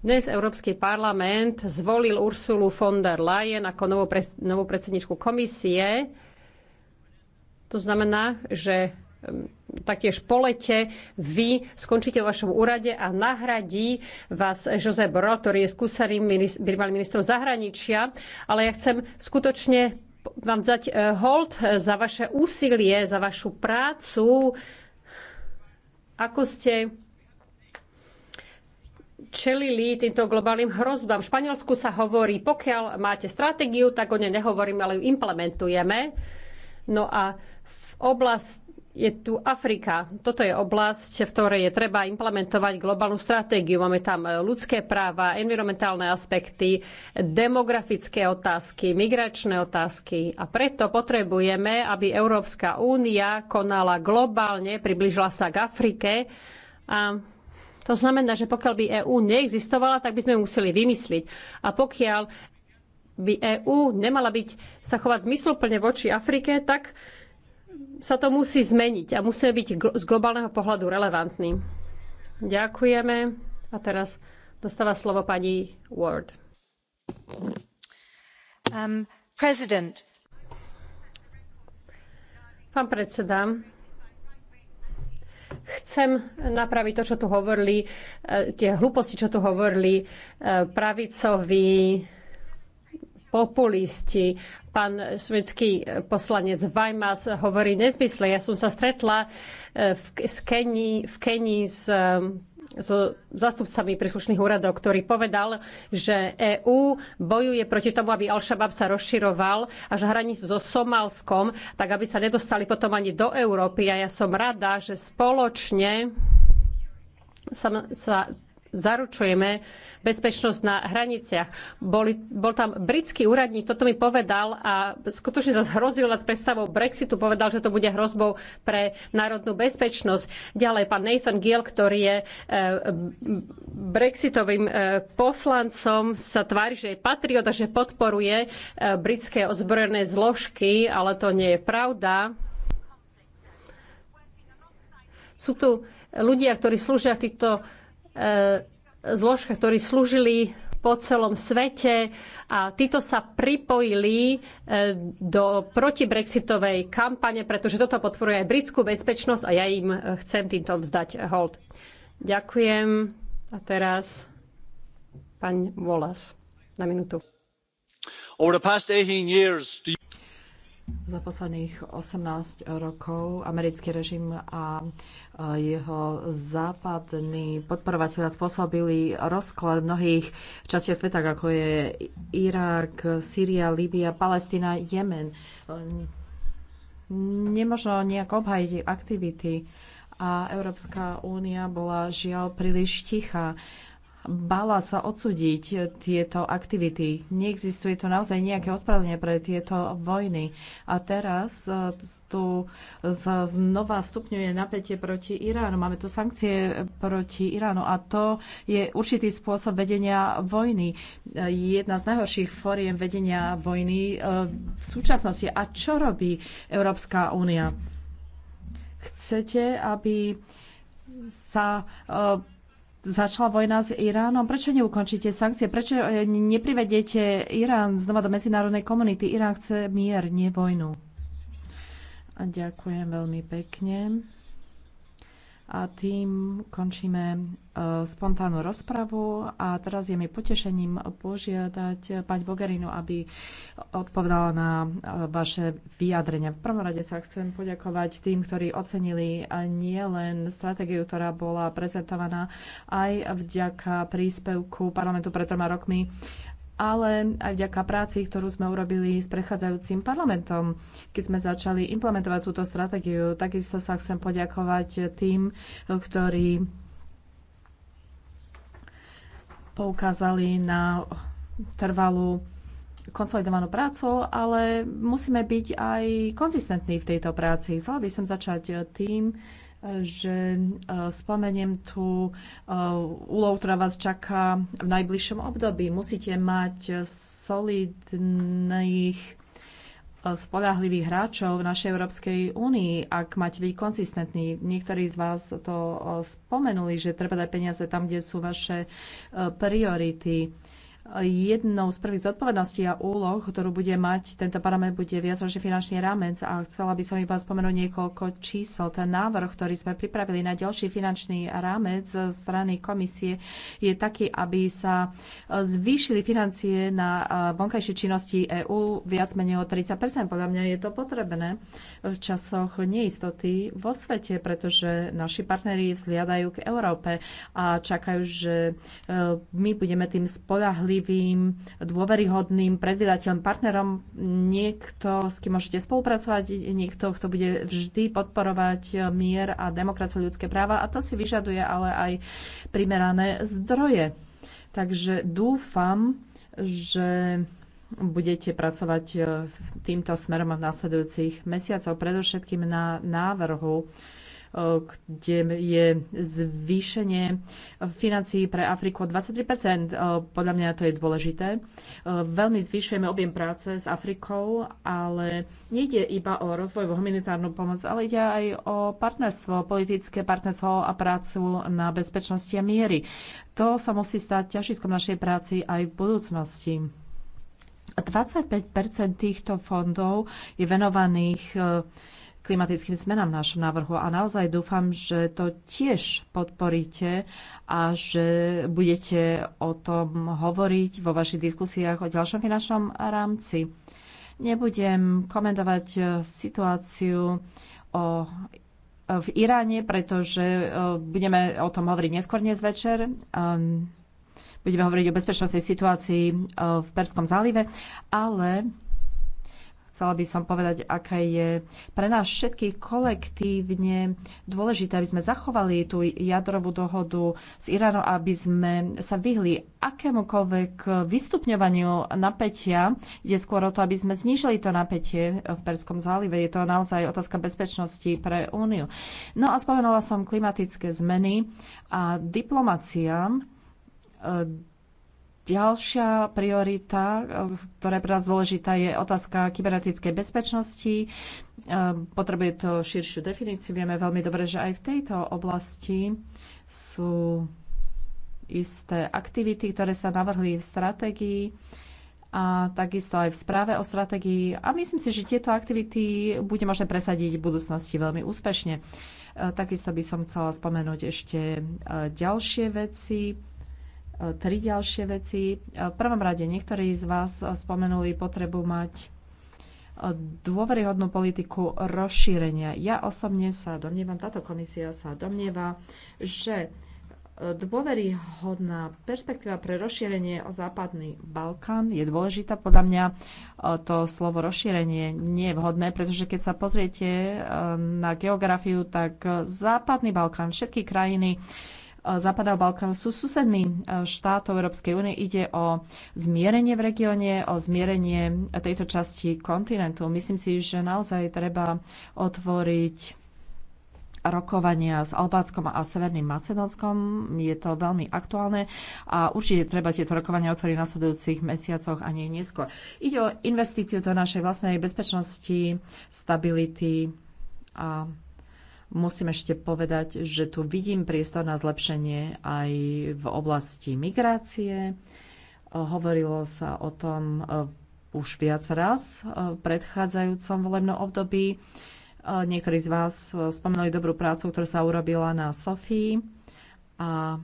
Dnes Európsky parlament zvolil Ursulu von der Leyen ako novú, pre, novú predsedničku komisie. To znamená, že taktiež po lete vy skončíte vo vašom úrade a nahradí vás Josep Borrell, ktorý je skúseným bývalým ministrom zahraničia. Ale ja chcem skutočne vám dať eh, hold za vaše úsilie, za vašu prácu. Ako ste čelili týmto globálnym hrozbám. V Španielsku sa hovorí, pokiaľ máte stratégiu, tak o nej nehovoríme, ale ju implementujeme. No a v oblasti je tu Afrika. Toto je oblasť, v ktorej je treba implementovať globálnu stratégiu. Máme tam e, ľudské práva, environmentálne aspekty, demografické otázky, migračné otázky. A preto potrebujeme, aby Európska únia konala globálne, približila sa k Afrike. A to znamená, že pokiaľ by EÚ neexistovala, tak by sme museli vymysliť. A pokiaľ by EÚ nemala byť sa chovať zmysluplne voči Afrike, tak sa to musí zmeniť a musíme byť z globálneho pohľadu relevantní. Ďakujeme. A teraz dostáva slovo pani Ward. Um, president. Pán predseda, chcem napraviť to, čo tu hovorili, eh, tie hlúposti, čo tu hovorili eh, pravicoví populisti. Pán švedský poslanec Vajmas hovorí nezmysle. Ja som sa stretla e, v, z Kenii, v Kenii s e, so zastupcami príslušných úradov, ktorý povedal, že EÚ bojuje proti tomu, aby Al-Shabaab sa rozširoval až hranicu so Somálskom, tak aby sa nedostali potom ani do Európy. A ja som rada, že spoločne sa, sa zaručujeme bezpečnosť na hraniciach. Boli, bol tam britský úradník, toto mi povedal a skutočne sa zhrozil nad predstavou Brexitu, povedal, že to bude hrozbou pre národnú bezpečnosť. Ďalej pán Nathan Gill, ktorý je eh, brexitovým eh, poslancom, sa tvári, že je patriot a že podporuje eh, britské ozbrojené zložky, ale to nie je pravda sú tu ľudia, ktorí slúžia v týchto E, zložka, ktorí slúžili po celom svete a títo sa pripojili e, do protibrexitovej kampane, pretože toto podporuje aj britskú bezpečnosť a ja im chcem týmto vzdať hold. Ďakujem. A teraz pán Volas na minútu. Over the past 18 years, za posledných 18 rokov americký režim a jeho západní podporovateľia spôsobili rozklad mnohých častiach sveta, ako je Irak, Sýria, Líbia, Palestina, Jemen. Nemožno nejak obhajiť aktivity a Európska únia bola žiaľ príliš tichá bala sa odsúdiť tieto aktivity. Neexistuje tu naozaj nejaké ospravedlenie pre tieto vojny. A teraz e, tu znova stupňuje napätie proti Iránu. Máme tu sankcie proti Iránu a to je určitý spôsob vedenia vojny. E, jedna z najhorších foriem vedenia vojny e, v súčasnosti. A čo robí Európska únia? Chcete, aby sa začala vojna s Iránom, prečo neukončíte sankcie? Prečo e, neprivedete Irán znova do medzinárodnej komunity? Irán chce mier, nie vojnu. A ďakujem veľmi pekne. A tým končíme e, spontánnu rozpravu a teraz je mi potešením požiadať pani Bogerinu, aby odpovedala na e, vaše vyjadrenia. V prvom rade sa chcem poďakovať tým, ktorí ocenili nie len stratégiu, ktorá bola prezentovaná aj vďaka príspevku parlamentu pred troma rokmi ale aj vďaka práci, ktorú sme urobili s predchádzajúcim parlamentom, keď sme začali implementovať túto stratégiu. Takisto sa chcem poďakovať tým, ktorí poukázali na trvalú konsolidovanú prácu, ale musíme byť aj konzistentní v tejto práci. Chcela by som začať tým, že e, spomeniem tú e, úlohu, ktorá vás čaká v najbližšom období. Musíte mať solidných e, spolahlivých hráčov v našej Európskej únii, ak máte byť konsistentní. Niektorí z vás to spomenuli, že treba dať peniaze tam, kde sú vaše priority jednou z prvých zodpovedností a úloh, ktorú bude mať tento parlament, bude viacročný finančný rámec. A chcela by som iba spomenúť niekoľko čísel. Ten návrh, ktorý sme pripravili na ďalší finančný rámec zo strany komisie, je taký, aby sa zvýšili financie na vonkajšie činnosti EÚ viac menej o 30 Podľa mňa je to potrebné v časoch neistoty vo svete, pretože naši partneri vzliadajú k Európe a čakajú, že e, my budeme tým spolahli spolahlivým, dôveryhodným, predvydateľným partnerom, niekto, s kým môžete spolupracovať, niekto, kto bude vždy podporovať mier a demokraciu ľudské práva a to si vyžaduje ale aj primerané zdroje. Takže dúfam, že budete pracovať e, týmto smerom v následujúcich mesiacoch, predovšetkým na návrhu kde je zvýšenie financií pre Afriku o 23 e, Podľa mňa to je dôležité. E, veľmi zvýšujeme objem práce s Afrikou, ale nejde iba o rozvoj humanitárnu pomoc, ale ide aj o partnerstvo, politické partnerstvo a prácu na bezpečnosti a miery. To sa musí stať ťažiskom našej práci aj v budúcnosti. 25 týchto fondov je venovaných e, klimatickým zmenám v našom návrhu a naozaj dúfam, že to tiež podporíte a že budete o tom hovoriť vo vašich diskusiách o ďalšom finančnom rámci. Nebudem komentovať eh, situáciu o eh, v Iráne, pretože eh, budeme o tom hovoriť neskôr dnes večer. Ehm, budeme hovoriť o bezpečnostnej situácii v Perskom zálive, ale chcela by som povedať, aká je pre nás všetkých kolektívne dôležité, aby sme zachovali tú jadrovú dohodu s Iránom, aby sme sa vyhli akémukoľvek vystupňovaniu napätia. Ide skôr o to, aby sme znížili to napätie v Perskom zálive. Je to naozaj otázka bezpečnosti pre Úniu. No a spomenula som klimatické zmeny a diplomacia Ďalšia priorita, ktorá je pre nás dôležitá, je otázka kybernetickej bezpečnosti. Ehm, potrebuje to širšiu definíciu. Vieme veľmi dobre, že aj v tejto oblasti sú isté aktivity, ktoré sa navrhli v stratégii a takisto aj v správe o stratégii. A myslím si, že tieto aktivity bude možné presadiť v budúcnosti veľmi úspešne. Ehm, takisto by som chcela spomenúť ešte e, ďalšie veci E, tri ďalšie veci. E, v prvom rade niektorí z vás spomenuli potrebu mať e, dôveryhodnú politiku rozšírenia. Ja osobne sa domnievam, táto komisia sa domnieva, že dôveryhodná perspektíva pre rozšírenie o západný Balkán je dôležitá. Podľa mňa to slovo rozšírenie nie je vhodné, pretože keď sa pozriete na geografiu, tak západný Balkán, všetky krajiny Západného Balkánu sú susedmi e, štátov Európskej únie. Ide o zmierenie v regióne, o zmierenie tejto časti kontinentu. Myslím si, že naozaj treba otvoriť rokovania s Albáckom a Severným Macedónskom. Je to veľmi aktuálne a určite treba tieto rokovania otvoriť v nasledujúcich mesiacoch a nie neskôr. Ide o investíciu do našej vlastnej bezpečnosti, stability a Musím ešte povedať, že tu vidím priestor na zlepšenie aj v oblasti migrácie. Hovorilo sa o tom eh, už viac raz eh, v predchádzajúcom volebnom období. Eh, niektorí z vás spomenuli dobrú prácu, ktorá sa urobila na Sofii a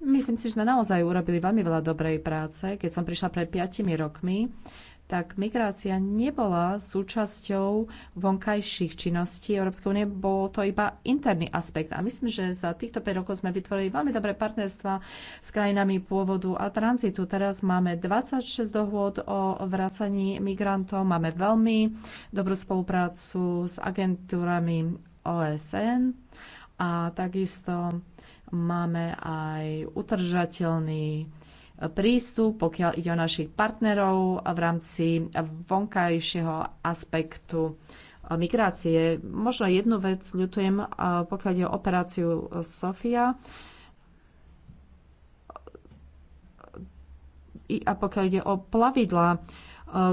myslím si, že sme naozaj urobili veľmi veľa dobrej práce. Keď som prišla pred 5 rokmi, tak migrácia nebola súčasťou vonkajších činností Európskej únie, bol to iba interný aspekt. A myslím, že za týchto 5 rokov sme vytvorili veľmi dobré partnerstva s krajinami pôvodu a tranzitu. Teraz máme 26 dohôd o vracaní migrantov, máme veľmi dobrú spoluprácu s agentúrami OSN a takisto máme aj utržateľný prístup, pokiaľ ide o našich partnerov v rámci vonkajšieho aspektu migrácie. Možno jednu vec ľutujem, pokiaľ ide o operáciu Sofia. A pokiaľ ide o plavidla, e,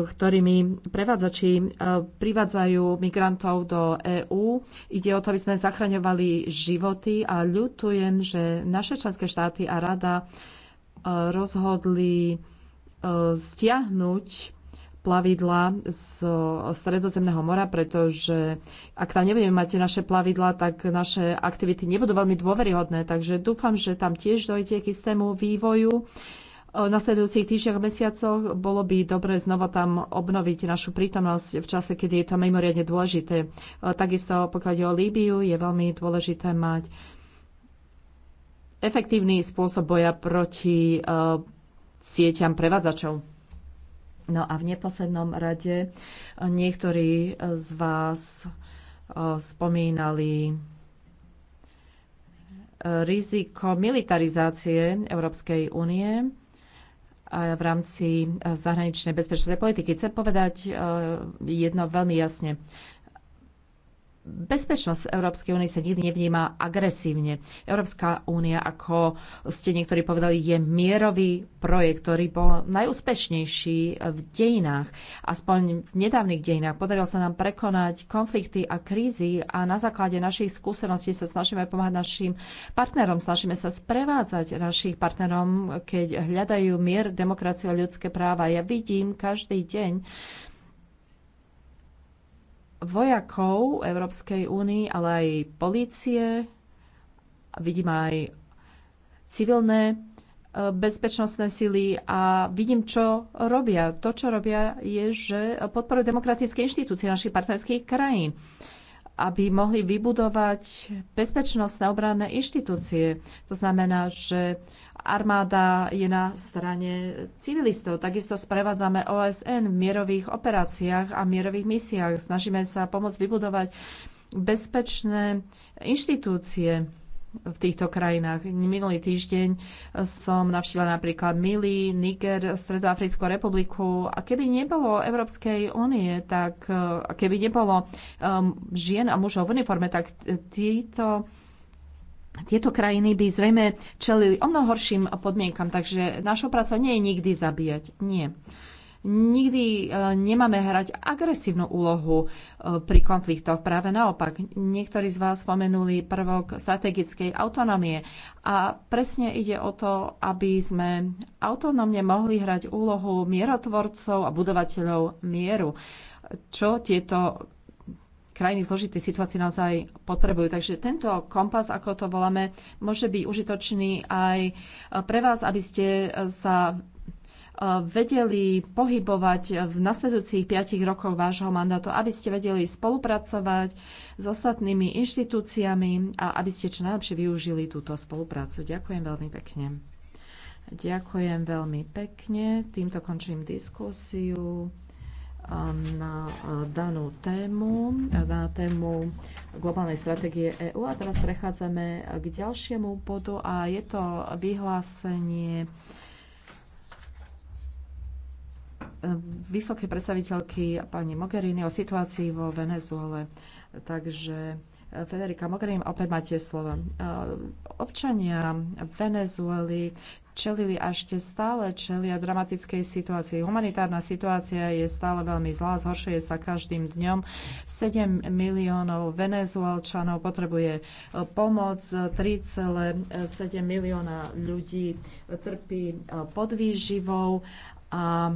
ktorými prevádzači e, privádzajú migrantov do EÚ. Ide o to, aby sme zachraňovali životy a ľutujem, že naše členské štáty a rada rozhodli e, stiahnuť plavidla z Stredozemného mora, pretože ak tam nebudeme mať naše plavidla, tak naše aktivity nebudú veľmi dôveryhodné. Takže dúfam, že tam tiež dojde k istému vývoju. E, v nasledujúcich týždňoch a mesiacoch bolo by dobre znova tam obnoviť našu prítomnosť v čase, kedy je to mimoriadne dôležité. E, takisto pokiaľ ide o Líbiu, je veľmi dôležité mať efektívny spôsob boja proti e, sieťam prevádzačov. No a v neposlednom rade e, niektorí z vás e, spomínali riziko militarizácie Európskej únie v rámci zahraničnej bezpečnostnej politiky. Chcem povedať jedno veľmi jasne bezpečnosť Európskej únie sa nikdy nevníma agresívne. Európska únia, ako ste niektorí povedali, je mierový projekt, ktorý bol najúspešnejší v dejinách. Aspoň v nedávnych dejinách podarilo sa nám prekonať konflikty a krízy a na základe našich skúseností sa snažíme pomáhať našim partnerom, snažíme sa sprevádzať našich partnerom, keď hľadajú mier, demokraciu a ľudské práva. Ja vidím každý deň, vojakov Európskej únii, ale aj polície, vidím aj civilné e, bezpečnostné sily a vidím, čo robia. To, čo robia, je, že podporujú demokratické inštitúcie našich partnerských krajín, aby mohli vybudovať bezpečnostné obranné inštitúcie. To znamená, že armáda je na strane civilistov. Takisto sprevádzame OSN v mierových operáciách a mierových misiách. Snažíme sa pomôcť vybudovať bezpečné inštitúcie v týchto krajinách. Minulý týždeň som navštívila napríklad Mili, Niger, Stredoafrickú republiku a keby nebolo Európskej únie, tak keby nebolo um, žien a mužov v uniforme, tak títo tieto krajiny by zrejme čelili o mnoho horším podmienkam, takže našou prácou nie je nikdy zabíjať. Nie. Nikdy e, nemáme hrať agresívnu úlohu e, pri konfliktoch. Práve naopak, niektorí z vás spomenuli prvok strategickej autonómie. A presne ide o to, aby sme autonómne mohli hrať úlohu mierotvorcov a budovateľov mieru. Čo tieto krajiny v zložitej situácii naozaj potrebujú. Takže tento kompas, ako to voláme, môže byť užitočný aj pre vás, aby ste sa e, vedeli pohybovať v nasledujúcich 5 rokoch vášho mandátu, aby ste vedeli spolupracovať s ostatnými inštitúciami a aby ste čo najlepšie využili túto spoluprácu. Ďakujem veľmi pekne. Ďakujem veľmi pekne. Týmto končím diskusiu na danú tému, na tému globálnej stratégie EÚ. A teraz prechádzame k ďalšiemu bodu a je to vyhlásenie e, vysokej predstaviteľky pani Mogherini o situácii vo Venezuele. Takže Federika Mogherini, opäť máte slovo. Občania Venezuely čelili a ešte stále čelia dramatickej situácii. Humanitárna situácia je stále veľmi zlá, zhoršuje sa každým dňom. 7 miliónov venezuelčanov potrebuje e, pomoc, 3,7 milióna ľudí trpí e, podvýživou a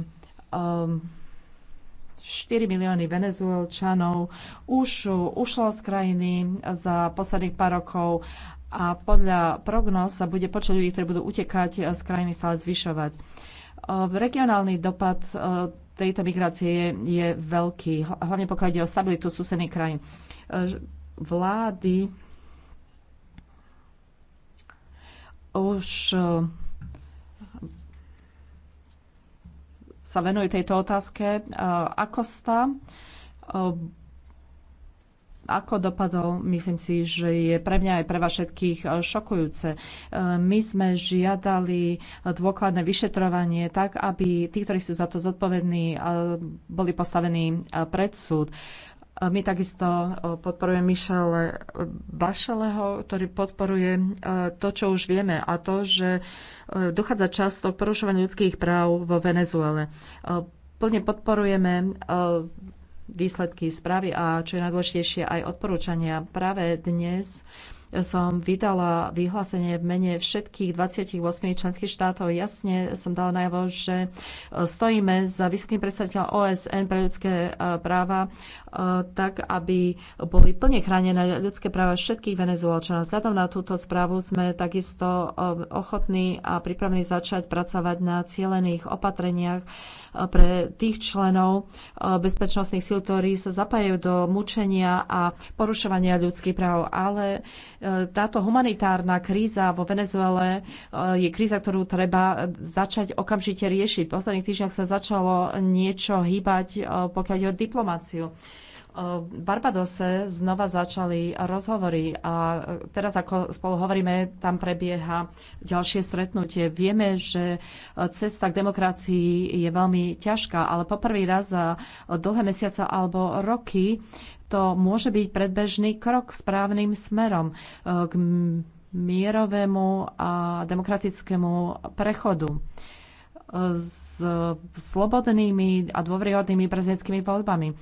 um, 4 milióny venezuelčanov už ušlo z krajiny za posledných pár rokov a podľa prognóz sa bude počet ľudí, ktorí budú utekať z krajiny, stále zvyšovať. Regionálny dopad e, tejto migrácie je, je veľký, hlavne pokiaľ ide o stabilitu susedných krajín. E, vlády už e, sa venuje tejto otázke. E, ako sta e, ako dopadol, myslím si, že je pre mňa aj pre vás všetkých e, šokujúce. My sme žiadali dôkladné vyšetrovanie tak, aby tí, ktorí sú za to zodpovední, boli postavení pred súd. My takisto e, podporujeme Michele Bašeleho, ktorý podporuje e, to, čo už vieme a to, že e, dochádza často k porušovaniu ľudských práv vo Venezuele. Plne podporujeme výsledky správy a čo je najdôležitejšie aj odporúčania. Práve dnes som vydala vyhlásenie v mene všetkých 28 členských štátov. Jasne som dala najavo, že stojíme za vysokým predstaviteľom OSN pre ľudské práva tak, aby boli plne chránené ľudské práva všetkých venezuelčanov. Vzhľadom na túto správu sme takisto ochotní a pripravení začať pracovať na cielených opatreniach pre tých členov bezpečnostných síl, ktorí sa zapájajú do mučenia a porušovania ľudských práv. Ale e, táto humanitárna kríza vo Venezuele e, je kríza, ktorú treba začať okamžite riešiť. V posledných týždňoch sa začalo niečo hýbať, e, pokiaľ je o diplomáciu. Barbadose znova začali rozhovory a teraz, ako spolu hovoríme, tam prebieha ďalšie stretnutie. Vieme, že cesta k demokracii je veľmi ťažká, ale poprvý raz za dlhé mesiace alebo roky to môže byť predbežný krok správnym smerom e, k mierovému a demokratickému prechodu s slobodnými a dôveryhodnými prezidentskými voľbami.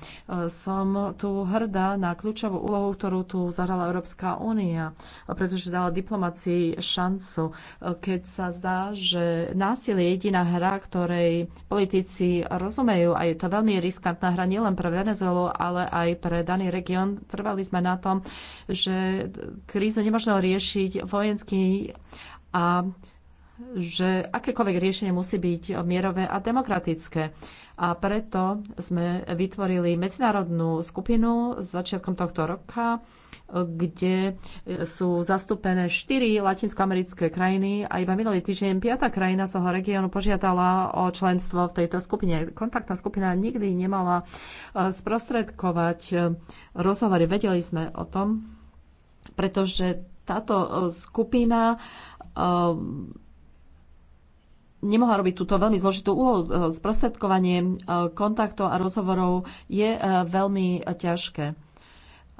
Som tu hrdá na kľúčovú úlohu, ktorú tu zahrala Európska únia, pretože dala diplomácii šancu, keď sa zdá, že násilie je jediná hra, ktorej politici rozumejú a je to veľmi riskantná hra nielen pre Venezuelu, ale aj pre daný región. Trvali sme na tom, že krízu nemožno riešiť vojenský a že akékoľvek riešenie musí byť mierové a demokratické. A preto sme vytvorili medzinárodnú skupinu s začiatkom tohto roka, kde sú zastúpené štyri latinskoamerické krajiny a iba minulý týždeň piata krajina z toho regiónu požiadala o členstvo v tejto skupine. Kontaktná skupina nikdy nemala e, sprostredkovať e, rozhovory. Vedeli sme o tom, pretože táto e, skupina nemohla robiť túto veľmi zložitú úlohu. E, sprostredkovanie e, kontaktov a rozhovorov je e, veľmi ťažké.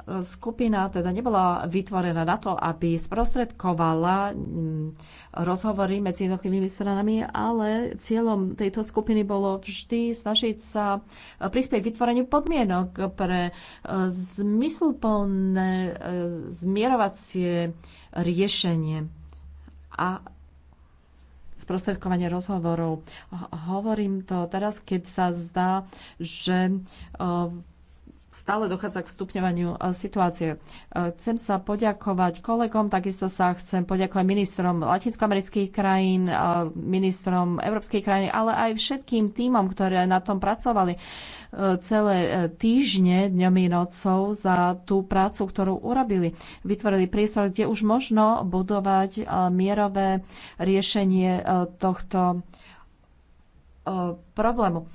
Skupina teda nebola vytvorená na to, aby sprostredkovala rozhovory medzi jednotlivými stranami, ale cieľom tejto skupiny bolo vždy snažiť sa prispieť k vytvoreniu podmienok pre zmysluplné zmierovacie riešenie a sprostredkovanie rozhovorov. Hovorím to teraz, keď sa zdá, že eh, stále dochádza k stupňovaniu e, situácie. E, chcem sa poďakovať kolegom, takisto sa chcem poďakovať ministrom latinskoamerických krajín, e, ministrom európskej krajiny, ale aj všetkým týmom, ktoré na tom pracovali celé týždne, dňom i nocou za tú prácu, ktorú urobili. Vytvorili priestor, kde už možno budovať mierové riešenie tohto problému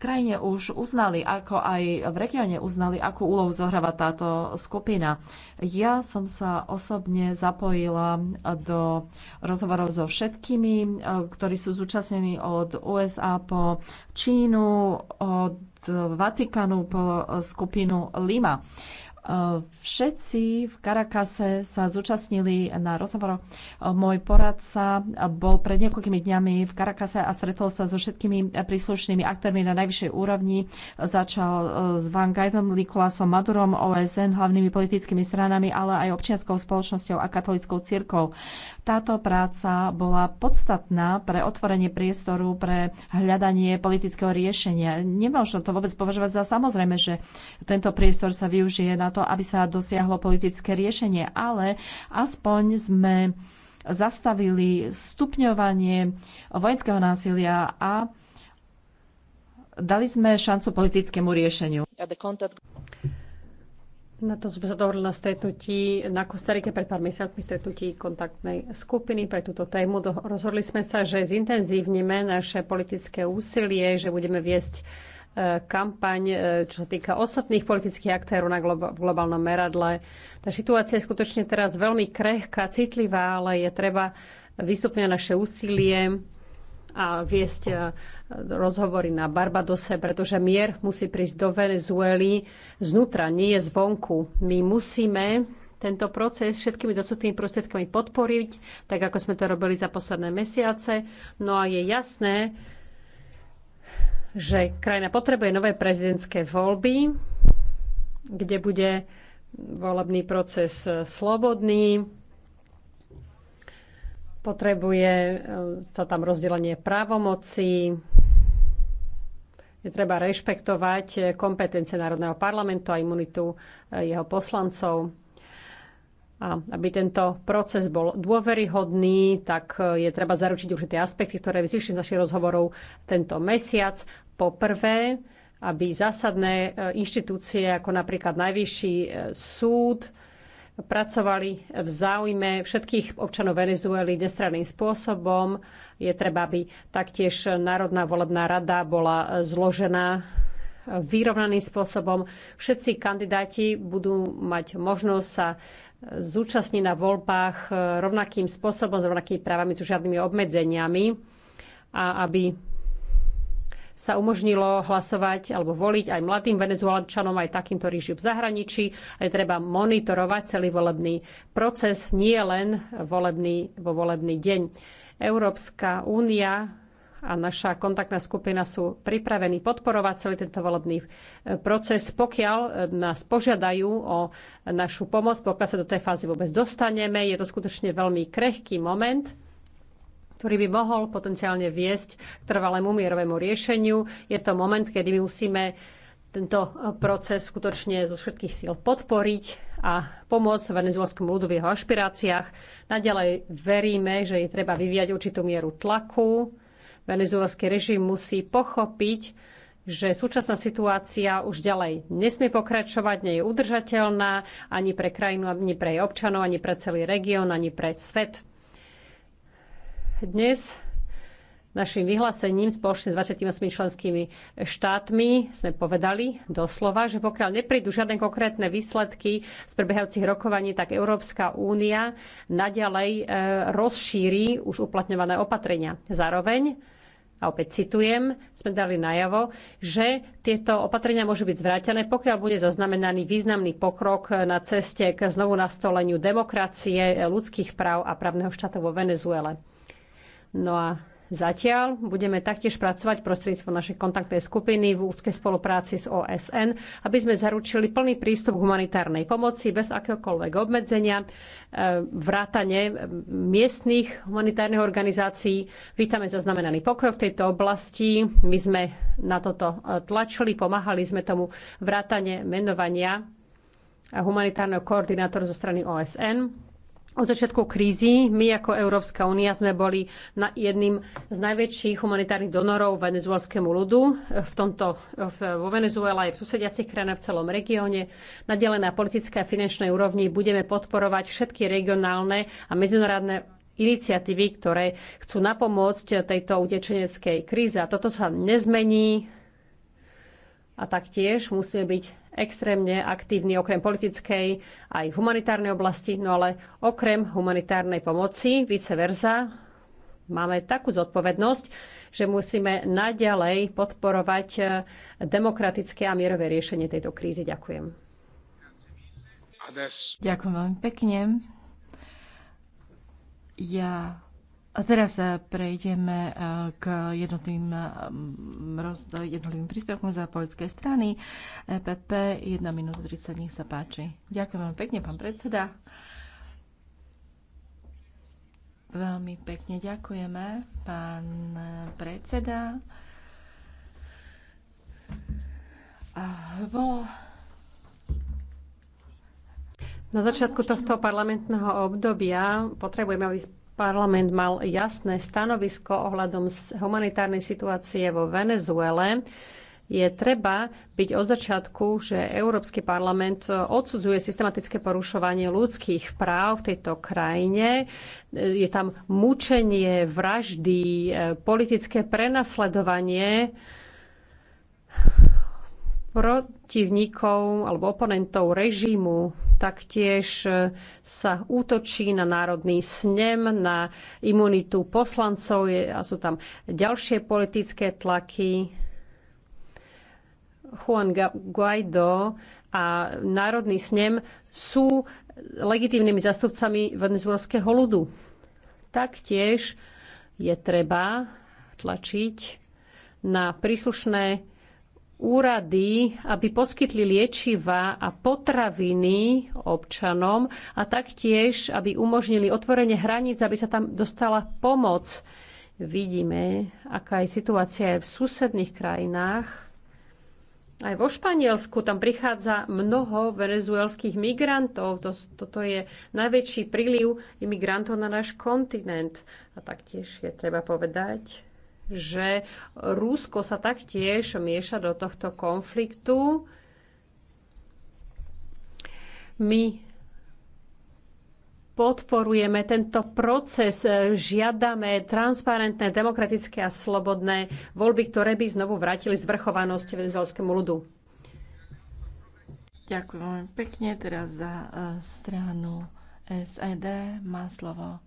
krajine už uznali, ako aj v regióne uznali, akú úlohu zohráva táto skupina. Ja som sa osobne zapojila do rozhovorov so všetkými, e, ktorí sú zúčastnení od USA po Čínu, od Vatikanu po e, skupinu Lima. E, všetci v Karakase sa zúčastnili na rozhovor. E, môj poradca bol pred niekoľkými dňami v Karakase a stretol sa so všetkými príslušnými aktérmi na najvyššej úrovni. Začal e, s Van Gajdom, Nikolasom Madurom, OSN, hlavnými politickými stranami, ale aj občianskou spoločnosťou a katolickou cirkou. Táto práca bola podstatná pre otvorenie priestoru pre hľadanie politického riešenia. Nemôžno to vôbec považovať za samozrejme, že tento priestor sa využije na to, to, aby sa dosiahlo politické riešenie, ale aspoň sme zastavili stupňovanie vojenského násilia a dali sme šancu politickému riešeniu. Na to sme sa dohodli na stretnutí na Kostarike pred pár mesiacmi stretnutí kontaktnej skupiny pre túto tému. Rozhodli sme sa, že zintenzívnime naše politické úsilie, že budeme viesť E, kampaň, e, čo sa týka ostatných politických aktérov na globálnom meradle. Tá situácia je skutočne teraz veľmi krehká, citlivá, ale je treba vystupňovať naše úsilie a viesť e, rozhovory na Barbadose, pretože mier musí prísť do Venezuely znútra, nie je zvonku. My musíme tento proces všetkými dostupnými prostriedkami podporiť, tak ako sme to robili za posledné mesiace. No a je jasné, že krajina potrebuje nové prezidentské voľby, kde bude volebný proces e, slobodný, potrebuje e, sa tam rozdelenie právomocí, je treba rešpektovať e, kompetencie Národného parlamentu a imunitu jeho poslancov. A aby tento proces bol dôveryhodný, tak e, je treba zaručiť určité aspekty, ktoré vyšli z našich rozhovorov tento mesiac. Po prvé, aby zásadné e, inštitúcie, ako napríklad Najvyšší e, súd, pracovali v záujme všetkých občanov Venezuely nestranným spôsobom. Je treba, aby taktiež Národná volebná rada bola zložená vyrovnaným spôsobom. Všetci kandidáti budú mať možnosť sa zúčastní na voľbách e, rovnakým spôsobom, s rovnakými právami, s žiadnymi obmedzeniami a aby sa umožnilo hlasovať alebo voliť aj mladým venezuelančanom, aj takým, ktorí žijú v zahraničí. Aj treba monitorovať celý volebný proces, nie len volebný, vo volebný deň. Európska únia a naša kontaktná skupina sú pripravení podporovať celý tento volebný e, proces, pokiaľ e, nás požiadajú o našu pomoc, pokiaľ sa do tej fázy vôbec dostaneme. Je to skutočne veľmi krehký moment ktorý by mohol potenciálne viesť k trvalému mierovému riešeniu. Je to moment, kedy my musíme tento e, proces skutočne zo všetkých síl podporiť a pomôcť venezuelskému ľudu v jeho ašpiráciách. Naďalej veríme, že je treba vyvíjať určitú mieru tlaku venezuelský režim musí pochopiť, že súčasná situácia už ďalej nesmie pokračovať, nie je udržateľná ani pre krajinu, ani pre jej občanov, ani pre celý región, ani pre svet. Dnes Našim vyhlásením spoločne s 28 členskými štátmi sme povedali doslova, že pokiaľ neprídu žiadne konkrétne výsledky z prebiehajúcich rokovaní, tak Európska únia naďalej e, rozšíri už uplatňované opatrenia. Zároveň a opäť citujem, sme dali najavo, že tieto opatrenia môžu byť zvrátené, pokiaľ bude zaznamenaný významný pokrok na ceste k znovu nastoleniu demokracie, ľudských práv a právneho štátu vo Venezuele. No a Zatiaľ budeme taktiež pracovať prostredníctvom našej kontaktnej skupiny v úzkej spolupráci s OSN, aby sme zaručili plný prístup k humanitárnej pomoci bez akéhokoľvek obmedzenia, e, vrátane e, miestných humanitárnych organizácií. Vítame zaznamenaný pokrok v tejto oblasti. My sme na toto e, tlačili, pomáhali sme tomu vrátane menovania humanitárneho koordinátora zo strany OSN. Od začiatku krízy my ako Európska únia sme boli na jedným z najväčších humanitárnych donorov venezuelskému ľudu. V tomto, v, vo Venezuela aj v susediacich krajinách v celom regióne. Naďalej na politické a finančnej úrovni budeme podporovať všetky regionálne a medzinárodné iniciatívy, ktoré chcú napomôcť tejto utečeneckej kríze. A toto sa nezmení a taktiež musíme byť extrémne aktívni okrem politickej aj v humanitárnej oblasti, no ale okrem humanitárnej pomoci, vice versa, máme takú zodpovednosť, že musíme naďalej podporovať eh, demokratické a mierové riešenie tejto krízy. Ďakujem. Ďakujem veľmi pekne. Ja a teraz eh, prejdeme eh, k jednotlivým, mm, jednotlivým príspevkom za poľskej strany. EPP 1 minúta 30, nech sa páči. Ďakujem veľmi pekne, pán predseda. Veľmi pekne ďakujeme, pán eh, predseda. A vo... na začiatku tohto parlamentného obdobia potrebujeme, aby Parlament mal jasné stanovisko ohľadom humanitárnej situácie vo Venezuele. Je treba byť od začiatku, že Európsky parlament odsudzuje systematické porušovanie ľudských práv v tejto krajine. Je tam mučenie, vraždy, eh, politické prenasledovanie protivníkov alebo oponentov režimu taktiež e, sa útočí na národný snem, na imunitu poslancov a sú tam ďalšie politické tlaky. Juan Guaido a Národný snem sú legitímnymi zastupcami venezuelského ľudu. Taktiež je treba tlačiť na príslušné úrady, aby poskytli liečiva a potraviny občanom a taktiež, aby umožnili otvorenie hraníc, aby sa tam dostala pomoc. Vidíme, aká je situácia aj v susedných krajinách. Aj vo Španielsku tam prichádza mnoho venezuelských migrantov. Toto je najväčší príliv imigrantov na náš kontinent. A taktiež je treba povedať, že Rusko sa taktiež mieša do tohto konfliktu. My podporujeme tento proces, žiadame transparentné, demokratické a slobodné voľby, ktoré by znovu vrátili zvrchovanosť venezuelskému ľudu. Ďakujem pekne. Teraz za eh, stranu SED má slovo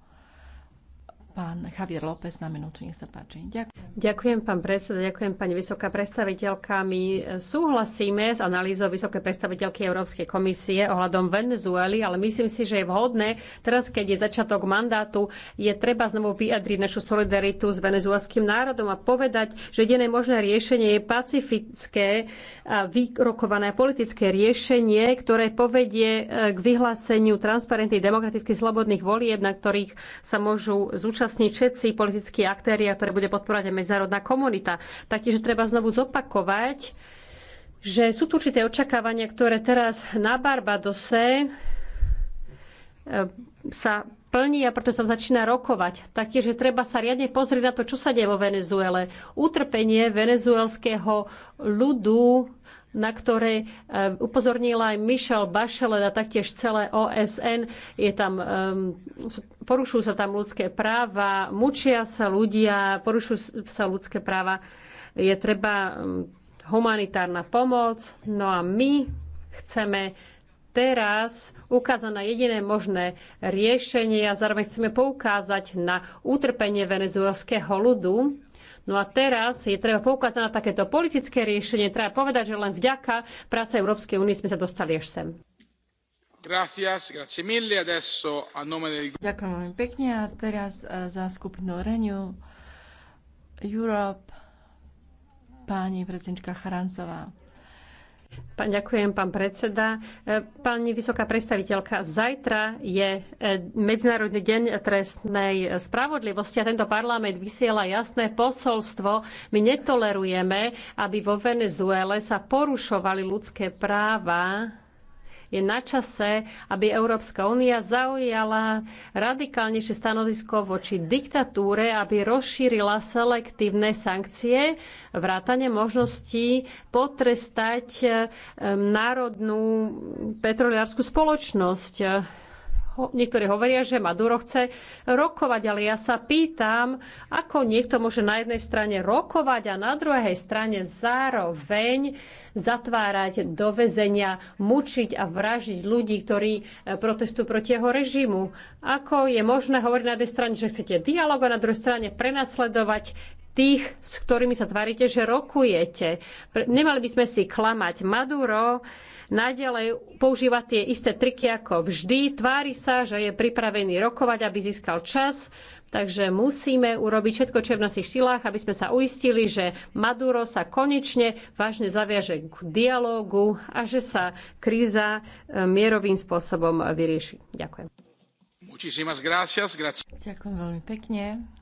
Pán Javier López na minútu, nech sa páči. Ďakujem. Ďakujem, pán predseda, ďakujem, pani vysoká predstaviteľka. My e, súhlasíme s analýzou vysokej predstaviteľky Európskej komisie ohľadom Venezuely, ale myslím si, že je vhodné, teraz keď je začiatok mandátu, je treba znovu vyjadriť našu solidaritu s venezuelským národom a povedať, že jediné možné riešenie je pacifické a vyrokované politické riešenie, ktoré povedie e, k vyhláseniu transparentných, demokratických, slobodných volieb, na ktorých sa môžu zúčastniť zúčastniť všetci politickí aktéria, a ktoré bude podporovať aj medzinárodná komunita. Taktiež treba znovu zopakovať, že sú tu určité očakávania, ktoré teraz na Barbadose e, sa plní a preto sa začína rokovať. Taktiež je treba sa riadne pozrieť na to, čo sa deje vo Venezuele. Utrpenie venezuelského ľudu na ktoré e, upozornila aj Michelle Bachelet a taktiež celé OSN. Je tam, porušujú sa tam ľudské práva, mučia sa ľudia, porušujú sa ľudské práva. Je treba humanitárna pomoc. No a my chceme teraz ukázať na jediné možné riešenie a zároveň chceme poukázať na utrpenie venezuelského ľudu No a teraz je treba poukázať na takéto politické riešenie. Treba povedať, že len vďaka práce Európskej únie sme sa dostali až sem. Gracias, gracias mille. Adesso a nome del... Ďakujem veľmi pekne a teraz e, za skupinu Renew Europe pani predsednička Charancová. Ďakujem, pán predseda. E, pani vysoká predstaviteľka, zajtra je e, Medzinárodný deň trestnej spravodlivosti a tento parlament vysiela jasné posolstvo. My netolerujeme, aby vo Venezuele sa porušovali ľudské práva je na čase, aby Európska únia zaujala radikálnejšie stanovisko voči diktatúre, aby rozšírila selektívne sankcie, vrátane možností potrestať eh, národnú petroliarskú spoločnosť niektorí hovoria, že Maduro chce rokovať, ale ja sa pýtam, ako niekto môže na jednej strane rokovať a na druhej strane zároveň zatvárať do väzenia, mučiť a vražiť ľudí, ktorí e, protestujú proti jeho režimu. Ako je možné hovoriť na jednej strane, že chcete dialog a na druhej strane prenasledovať tých, s ktorými sa tvárite, že rokujete. Nemali by sme si klamať. Maduro naďalej používa tie isté triky ako vždy, tvári sa, že je pripravený rokovať, aby získal čas, Takže musíme urobiť všetko, čo je v našich silách, aby sme sa uistili, že Maduro sa konečne vážne zaviaže k dialógu a že sa kríza e, mierovým spôsobom vyrieši. Ďakujem. Ďakujem veľmi pekne.